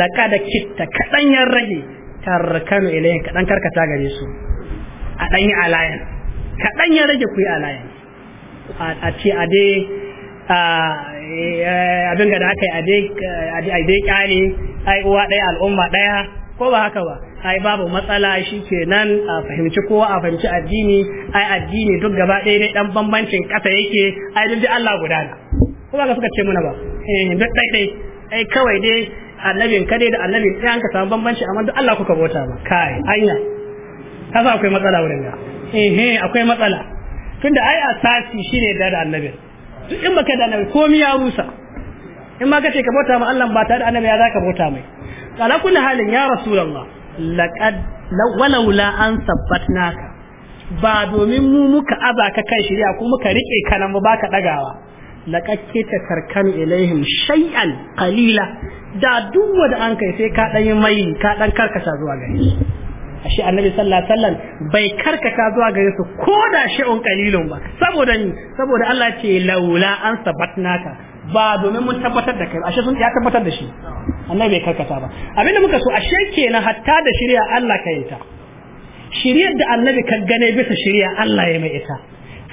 laƙa da kitta kaɗanyen rage tarkanu ilayhi kadan karkata gare su a dan yi alayan kadan ya rage ku yi alayan a ce a dai abin da aka yi a dai kyale ai uwa al'umma daya ko ba haka ba ai babu matsala shi kenan a fahimci kowa a fahimci addini ai addini duk gaba ɗaya dai dan bambancin ƙasa yake ai duk Allah guda ne ko ba ka suka ce mana ba eh duk ɗai ɗai ai kawai dai annabin kade da annabin ɗaya an ka samu bambanci amma duk Allah kuka bauta ba kai anya kasa akwai matsala wurin ga eh akwai matsala tunda ai asasi shine da da annabin duk in baka da annabi komai ya rusa in ma kace ka bauta ma Allah ba ta da annabi ya zaka bauta mai kala kullu halin ya rasulullah laqad walaula an sabbatnaka ba domin mu muka aza ka kan shari'a ko muka rike kanan ba baka dagawa laqad kita tarkanu ilaihim shay'an qalila da duk wanda an kai sai ka dan yi mai ka dan karkasa zuwa gare shi ashe annabi sallallahu alaihi wasallam bai karkasa zuwa gare su ko da shi'un qalilun ba saboda ni saboda Allah ce laula an sabatnaka ba domin mun tabbatar da kai ashe sun ya tabbatar da shi annabi bai karkasa ba abinda muka so ashe kenan hatta da shari'a Allah ka yinta shari'ar da annabi ka gane bisa shari'a Allah ya mai ita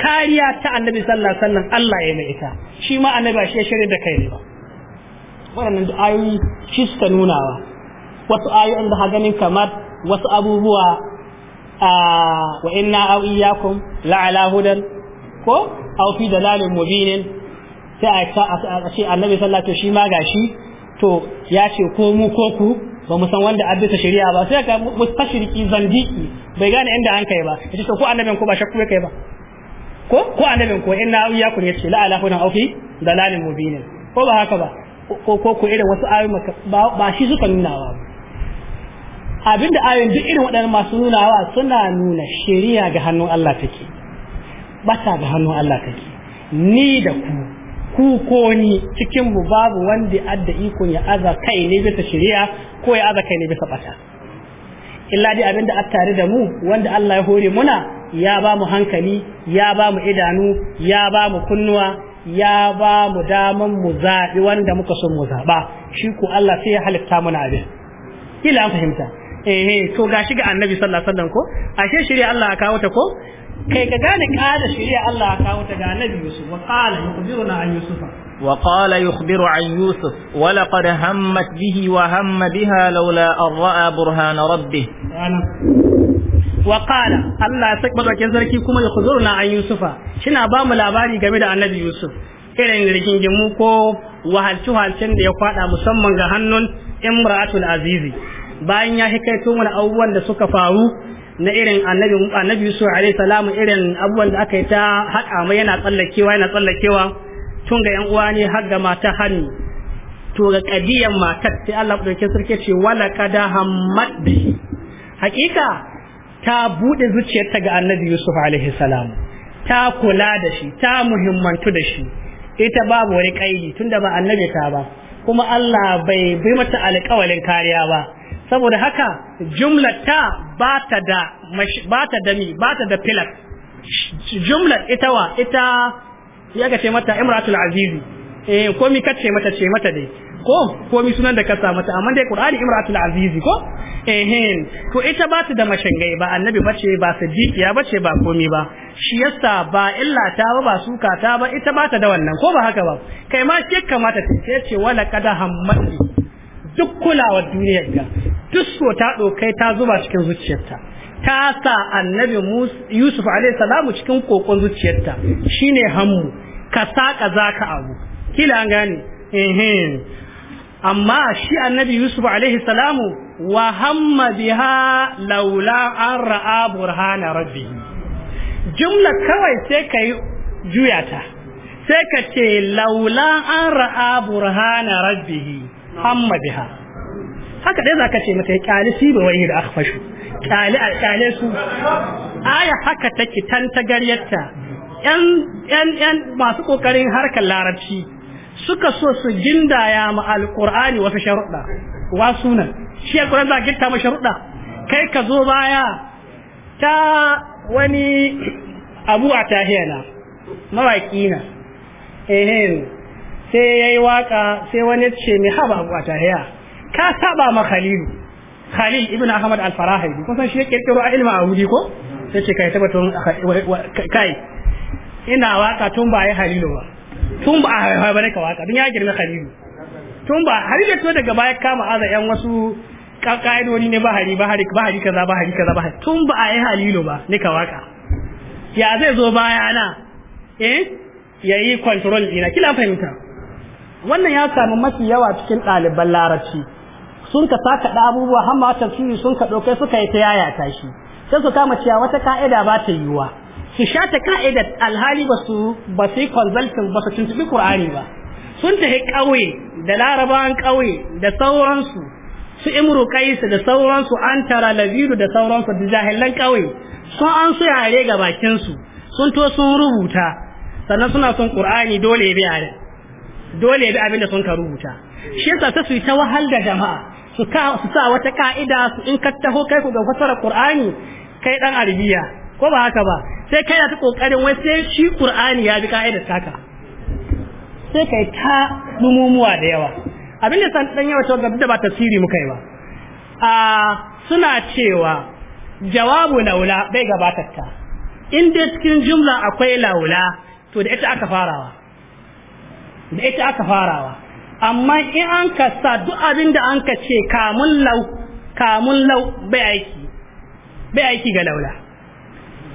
kariya ta annabi sallallahu alaihi wasallam Allah ya mai ita shi ma annabi ashe shari'ar da kai ne ba waɗannan da ayoyi shi suka nunawa wasu ayoyin da haganin kamar wasu abubuwa a wa inna aw iyyakum la'ala hudan ko aw fi dalalin mubinin sai a ce annabi sallallahu alaihi shi ma gashi to ya ce ko mu ko ku ba mu san wanda abisa shari'a ba sai ka mustashiriki zandiki bai gane inda an kai ba yace to ko annabin ko ba shakku kai ba ko ko annabin ko inna aw iyyakum yace la ala hudan aw fi dalalin mubinin ko ba haka ba ko ko irin wasu ayoyi ba shi suka nunawa abinda ayoyin duk irin waɗannan masu nunawa suna nuna shari'a ga hannun Allah take bata ga hannun Allah take ni da ku ku ko ni cikin mu babu wanda adda ikon ya aza kai ne bisa shari'a ko ya aza kai ne bisa bata illa dai abinda a tare da mu wanda Allah ya hore muna ya ba mu hankali ya ba mu idanu ya ba mu kunnuwa ya ba mu daman mu zaɓi wanda muka son mu zaɓa shi ko Allah sai ya halitta mana abin kila an fahimta eh to gashi ga annabi sallallahu alaihi wasallam ko ashe shirya Allah ya kawo ta ko kai ka gane kada shirya Allah ya kawo ta ga annabi Yusuf wa qala yukhbiruna an Yusufa وقال يخبر عن يوسف ولقد همت bihi wa بها لولا أن رأى برهان ربه wa qala Allah ya saki madaukin sarki kuma ya khuzurna an yusufa kina ba mu labari game da annabi yusuf irin rigingimu ko wahalci halcin da ya kwada musamman ga hannun imratul azizi bayan ya hikaito mana abubuwan da suka faru na irin annabi annabi yusuf alayhi salam irin abubuwan da aka yi ta hada mai yana tsallakewa yana tsallakewa tun ga yan uwa ne har ga mata hannu to ga kadiyan matar sai Allah dauke sarki ce wala kada hammat hakika ta bude zuciyarta ga annabi yusuf alaihi salam ta kula da shi ta muhimmantu da shi ita babu wani kaidi tunda ba annabi ta ba kuma Allah bai bai mata alƙawalin kariya ba saboda haka jumlar ta ba ta da ba ta da mi ba ta da filat jumlar ita wa ita ya ga ce mata imratul azizi eh ko mi kace mata ce mata dai ko ko mi sunan da ka sa mata amma dai qur'ani imratul azizi ko ehin to ita ba ta da mashangai ba annabi ba ce ba ba ce ba komi ba shi yasa ba illa ta ba ba suka ta ba ita ba ta da wannan ko ba haka ba kai ma shi kamata ta ce ce wala kada hammati duk kulawar duniyar ga duk so ta dokai ta zuba cikin zuciyarta ta sa annabi Yusuf alaihi salamu cikin kokon zuciyarta shine hammu ka saka zaka abu kila an gane ehin amma shi annabi Yusuf alaihi salamu wa hamma biha laula an ra'a burhana rabbihi jumla kawai sai ka yi juya ta sai ka ce laula an ra'a burhana rabbihi hamma biha haka dai zaka ce mata kyali shi ba wani da akhfashu kyali kyale su aya haka take tan ta garyarta yan yan yan masu kokarin harkar larabci suka so su gindaya ma alqur'ani wasu sharuɗa wa sunan shi kuran za a gitta mai sharuɗa kai ka zo baya ta wani abu a tahiyana mawaƙi na ehe sai yi waƙa sai wani ce mai haba abu a tahiya ka saba ma khalilu khalil ibn ahmad al-farahidi kusan shi ya kirkiro a a ahudi ko sai ce kai tabbatun kai ina waƙa tun ba yi halilu ba tun ba a haifa ba ne ka waƙa don ya girma khalilu tun ba hari da to daga baya kama aza yan wasu ka'idodi ne hari ba hari kaza hari kaza ba. tun ba a yi halilu ba ni ka waka ya zai zo baya na eh yayi control dina kila fahimta wannan ya samu mafi yawa cikin ɗaliban larabci sun ka saka da abubuwa har ma tafsiri sun ka ɗaukai suka yi ta yaya ta shi sai su kama cewa wata ka'ida ba ta yiwuwa su sha ta ka'idar alhali ba su ba su yi consulting ba su tuntuɓi Qur'ani ba sun tafi ƙauye da larabawan ƙauye da sauransu su imru su da sauransu an tara labiru da sauransu da jahilan ƙauye sun an su yare ga bakinsu sun to sun rubuta sannan suna son ƙur'ani dole ya bi a dole bi abinda sun ka rubuta shi yasa ta su yi ta wahal da jama'a su ka su sa wata ka'ida su in ka taho kai ku ga fasara qur'ani kai dan arabiya ko ba haka ba sai kai ta kokarin wai sai shi qur'ani ya bi ka'idar taka sai kai ta mumumuwa da yawa abin da san dan yawa to da ba tasiri muka yi ba a suna cewa jawabu laula bai gabatar ta in dai cikin jumla akwai laula to da ita aka farawa da ita aka farawa amma in an ka sa duk abin da an ka ce kamun lau kamun lau bai aiki bai aiki ga laula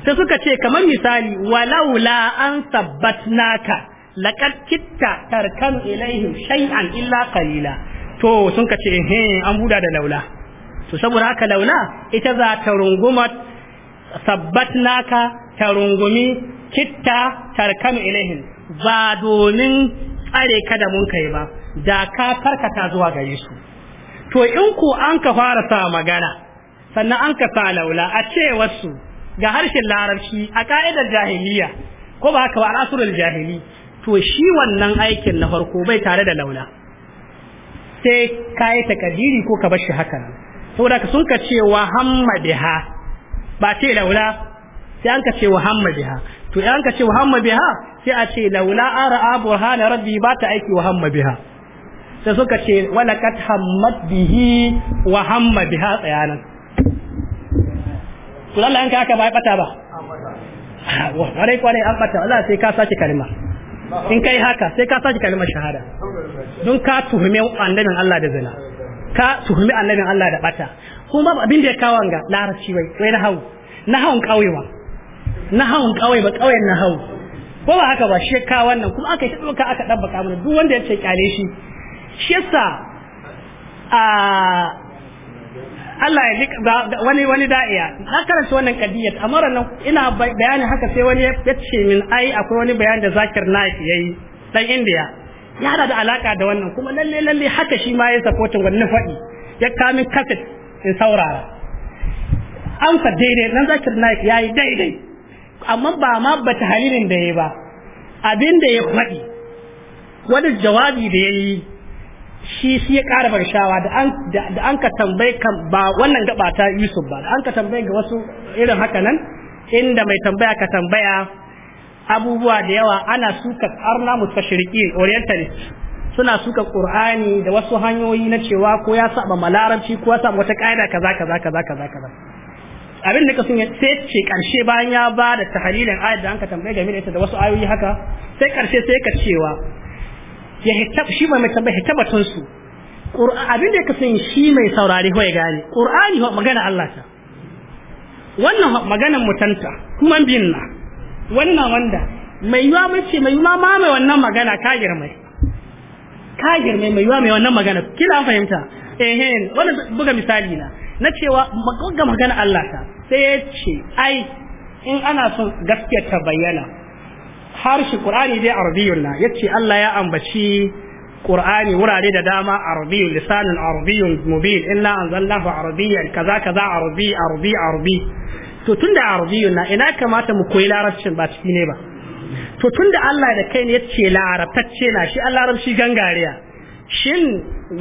sai suka ce kamar misali walaula an sabbatnaka laqad kitta tarkanu ilaihim shay'an illa qalila to sun kace eh an buda da laula to saboda haka laula ita za ta runguma naka ta rungumi kitta tarkan ilaihim ba domin tsare ka da mun kai ba da ka farkata zuwa gare su to in ku an ka fara sa magana sannan an ka sa laula a cewar su ga harshen larabci a ka'idar jahiliya ko ba haka ba al'asurul jahili to shi wannan aikin na farko bai tare da launa sai ka yi takadiri ko ka bashi haka saboda ka sun ka ce wa ha ba ce launa sai an ka ce wa ha to an ka ce wa ha sai a ce laula ara burhana rabbi ba ta aiki wa ha sai suka ce wala kat hammat bihi wa hamadi ha tsayanan to Allah an ka haka ba ya ɓata ba kwarai ah, kwarai an bata Allah sai ka sace kalma in kai haka sai ka saki kalmar shahada don ka tuhumi annabin Allah da zina ka tuhumi annabin Allah da bata kuma abin da ya kawo ga larabci bai wai na hau na hau kauyewa na hawan kauye ba kauyen na hau ko ba haka ba shi ka wannan kuma aka yi ka aka dabbaka mana duk wanda ya ce kyale shi shi yasa a Allah ya ji wani wani da'iya na karanta wannan kadiyya amma nan ina bayani haka sai wani ya ce min ai akwai wani bayani da Zakir Naik yayi dan India ya da alaka da wannan kuma lalle lalle haka shi ma ya supporting wannan faɗi ya kami kaset in saurara amsa daidai nan Zakir Naik yayi daidai amma ba ma bata halilin da yayi ba abin da ya faɗi wani jawabi da yayi shi shi ya ƙara barshawa da an ka tambayi ba wannan gaba ta Yusuf ba da an ka tambayi ga wasu irin haka nan inda mai tambaya ka tambaya abubuwa da yawa ana suka arna shirki orientalist suna suka qur'ani da wasu hanyoyi na cewa ko ya saba malarabci ko ya saba wata kaida kaza kaza kaza kaza kaza abin da ka sun sai ce ƙarshe bayan ya ba da tahlilin ayat da an ka tambaye game da ita da wasu ayoyi haka sai karshe sai ka cewa ya hitab shi mai tambaya hitabatan su abin da yake son shi mai saurare ko ya gane qur'ani ho magana Allah ta wannan maganan mutanta kuma binna wannan wanda mai yiwa mace mai yiwa ma mai wannan magana ka girmai ka girmai mai yiwa mai wannan magana kila fahimta eh eh wannan buga misali na na cewa ga magana Allah ta sai ya ce ai in ana son gaskiyar ta bayyana harshe qur'ani dai arabiyyun yace Allah ya ambaci qur'ani wurare da dama arabiyyun lisanin arabiyyun mubin inna anzalnahu arabiyyan kaza kaza arabi arabi arabi to tunda arabiyyun na ina kamata mu koyi larabcin ba ciki ne ba to tunda Allah da kai ne yace larabtacce na shi Allah larabci gangariya shin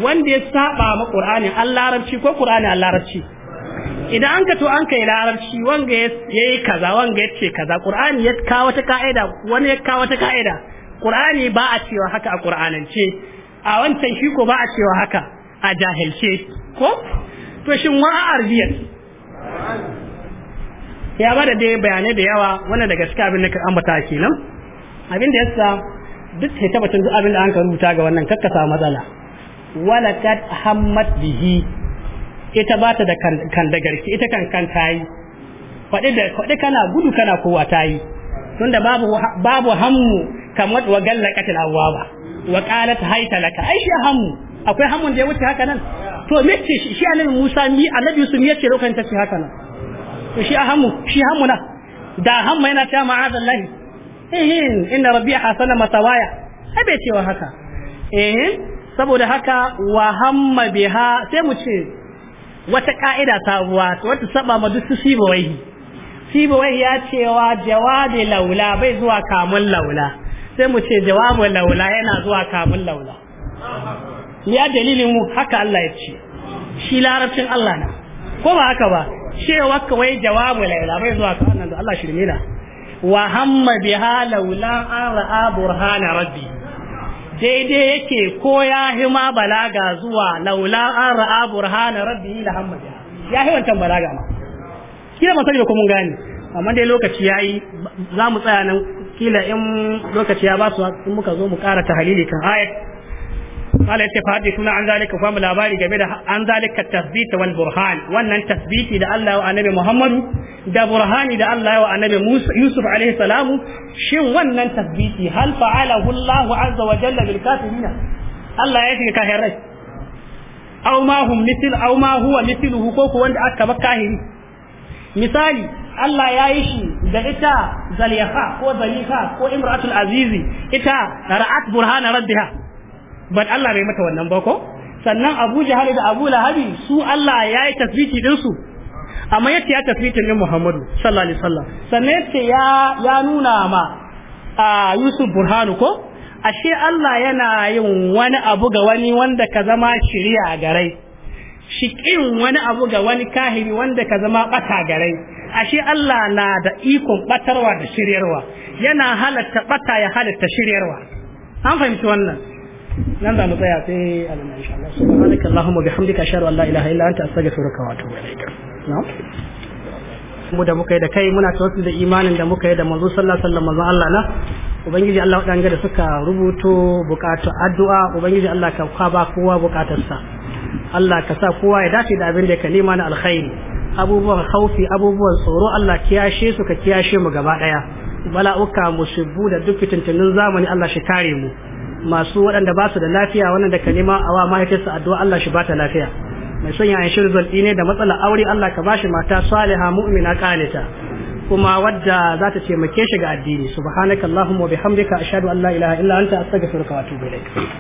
wanda ya saba ma qur'ani Allah larabci ko qur'ani Allah larabci idan an ka to an kai larabci wanga ya yi kaza wanga ya ce kaza ƙur'ani ya kawo ta ka'ida wani ya kawo ta ka'ida ƙur'ani ba a cewa haka a ƙur'anance a wancan shi ko ba a cewa haka a jahilce ko to shin wa arziyar ya ba da dai bayanai da yawa wannan daga cikin abin da ka ambata kenan abin da yasa duk ta tabbatar duk abin da an ka rubuta ga wannan kakka samu matsala walakat hammat bihi ita ba ta da kan da garki ita kan kan tayi faɗi da faɗi kana gudu kana kowa tayi tunda babu babu hammu kamar wa gallaqatil awwaba wa qalat hayta laka ai shi hammu akwai hammu da ya wuce haka nan to me ce shi annabi Musa mi annabi Yusuf ya ce lokacin ta ce haka nan to shi hammu shi hammu na da hamma yana ta ma'adallahi ehin inna rabbi hasana matawaya ai bai cewa haka ehin saboda haka wa hamma biha sai mu ce wata ka'ida sabuwa wata saba ma duk sibawai sibawai ya cewa jawabi laula bai zuwa kamun laula sai mu ce jawabu laula yana zuwa kamun laula ya dalilin mu haka Allah ya ce shi larabcin Allah na ko ba haka ba cewa kawai jawabu laula bai zuwa kamun laula Allah shirme na wa hamma biha laula an ra'a burhana rabbi daidai yake ko ya hima balaga zuwa laula an ra'a burhana rabbi la hamma ya yi wancan balaga ma kila ban sani mun gane amma dai lokaci yayi za tsaya nan kila in lokaci ya ba su in muka zo mu ƙara tahlili kan ayat qala ta fadi suna an zalika fa mu labari game da an zalika tasbit wal burhan wannan tasbiti da Allah wa annabi Muhammadu da burhani da Allah wa annabi Musa Yusuf alaihi salamu shin wannan tasbiti hal fa'alahu Allah azza wa jalla bil kafirina Allah ya shiga kafirai aw ma hum mithl aw ma huwa mithluhu ko ko wanda aka ba kahiri misali Allah ya yi shi da ita zaliha ko zaliha ko imratul azizi ita ra'at burhana rabbiha bar Allah bai mata wannan ba ko sannan Abu Jahal da Abu Lahab su Allah ya yi tafiti din su amma yace ya tafiti ne Muhammadu sallallahu alaihi wasallam sannan yace ya ya nuna ma a Yusuf Burhanu ko ashe Allah yana yin wani abu ga wani wanda ka zama shiriya garai shi wani abu ga wani kahiri wanda ka zama bata garai ashe Allah na da ikon batarwa da shiryarwa yana halatta bata ya halatta shiryarwa an fahimci wannan nan za mu tsaya sai a nan insha Allah subhanaka allahumma bihamdika ashhadu an la ilaha illa anta astaghfiruka wa atubu ilaik na'am mu da muka yi da kai muna wasu da imanin da muka yi da manzo sallallahu alaihi wasallam manzo Allah na ubangiji Allah wadanga da suka rubuto bukatu addu'a ubangiji Allah ka ka ba kowa bukatarsa Allah ka sa kowa ya dace da abin da ka nema na alkhairi abubuwan khaufi abubuwan tsoro Allah kiyashe su ka kiyashe mu gaba daya bala'uka musibbu da duk fitintunin zamani Allah shi kare mu masu waɗanda ba su da lafiya wannan da kalima wa mahaifiyarsa addu'a Allah shi bata lafiya mai son yayin shirin zalɗi ne da matsala aure Allah ka bashi mata saliha mu'mina qanita kuma wadda za ta taimake shi ga addini subhanakallahumma wa bihamdika ashhadu an la ilaha illa anta astaghfiruka wa atubu ilaik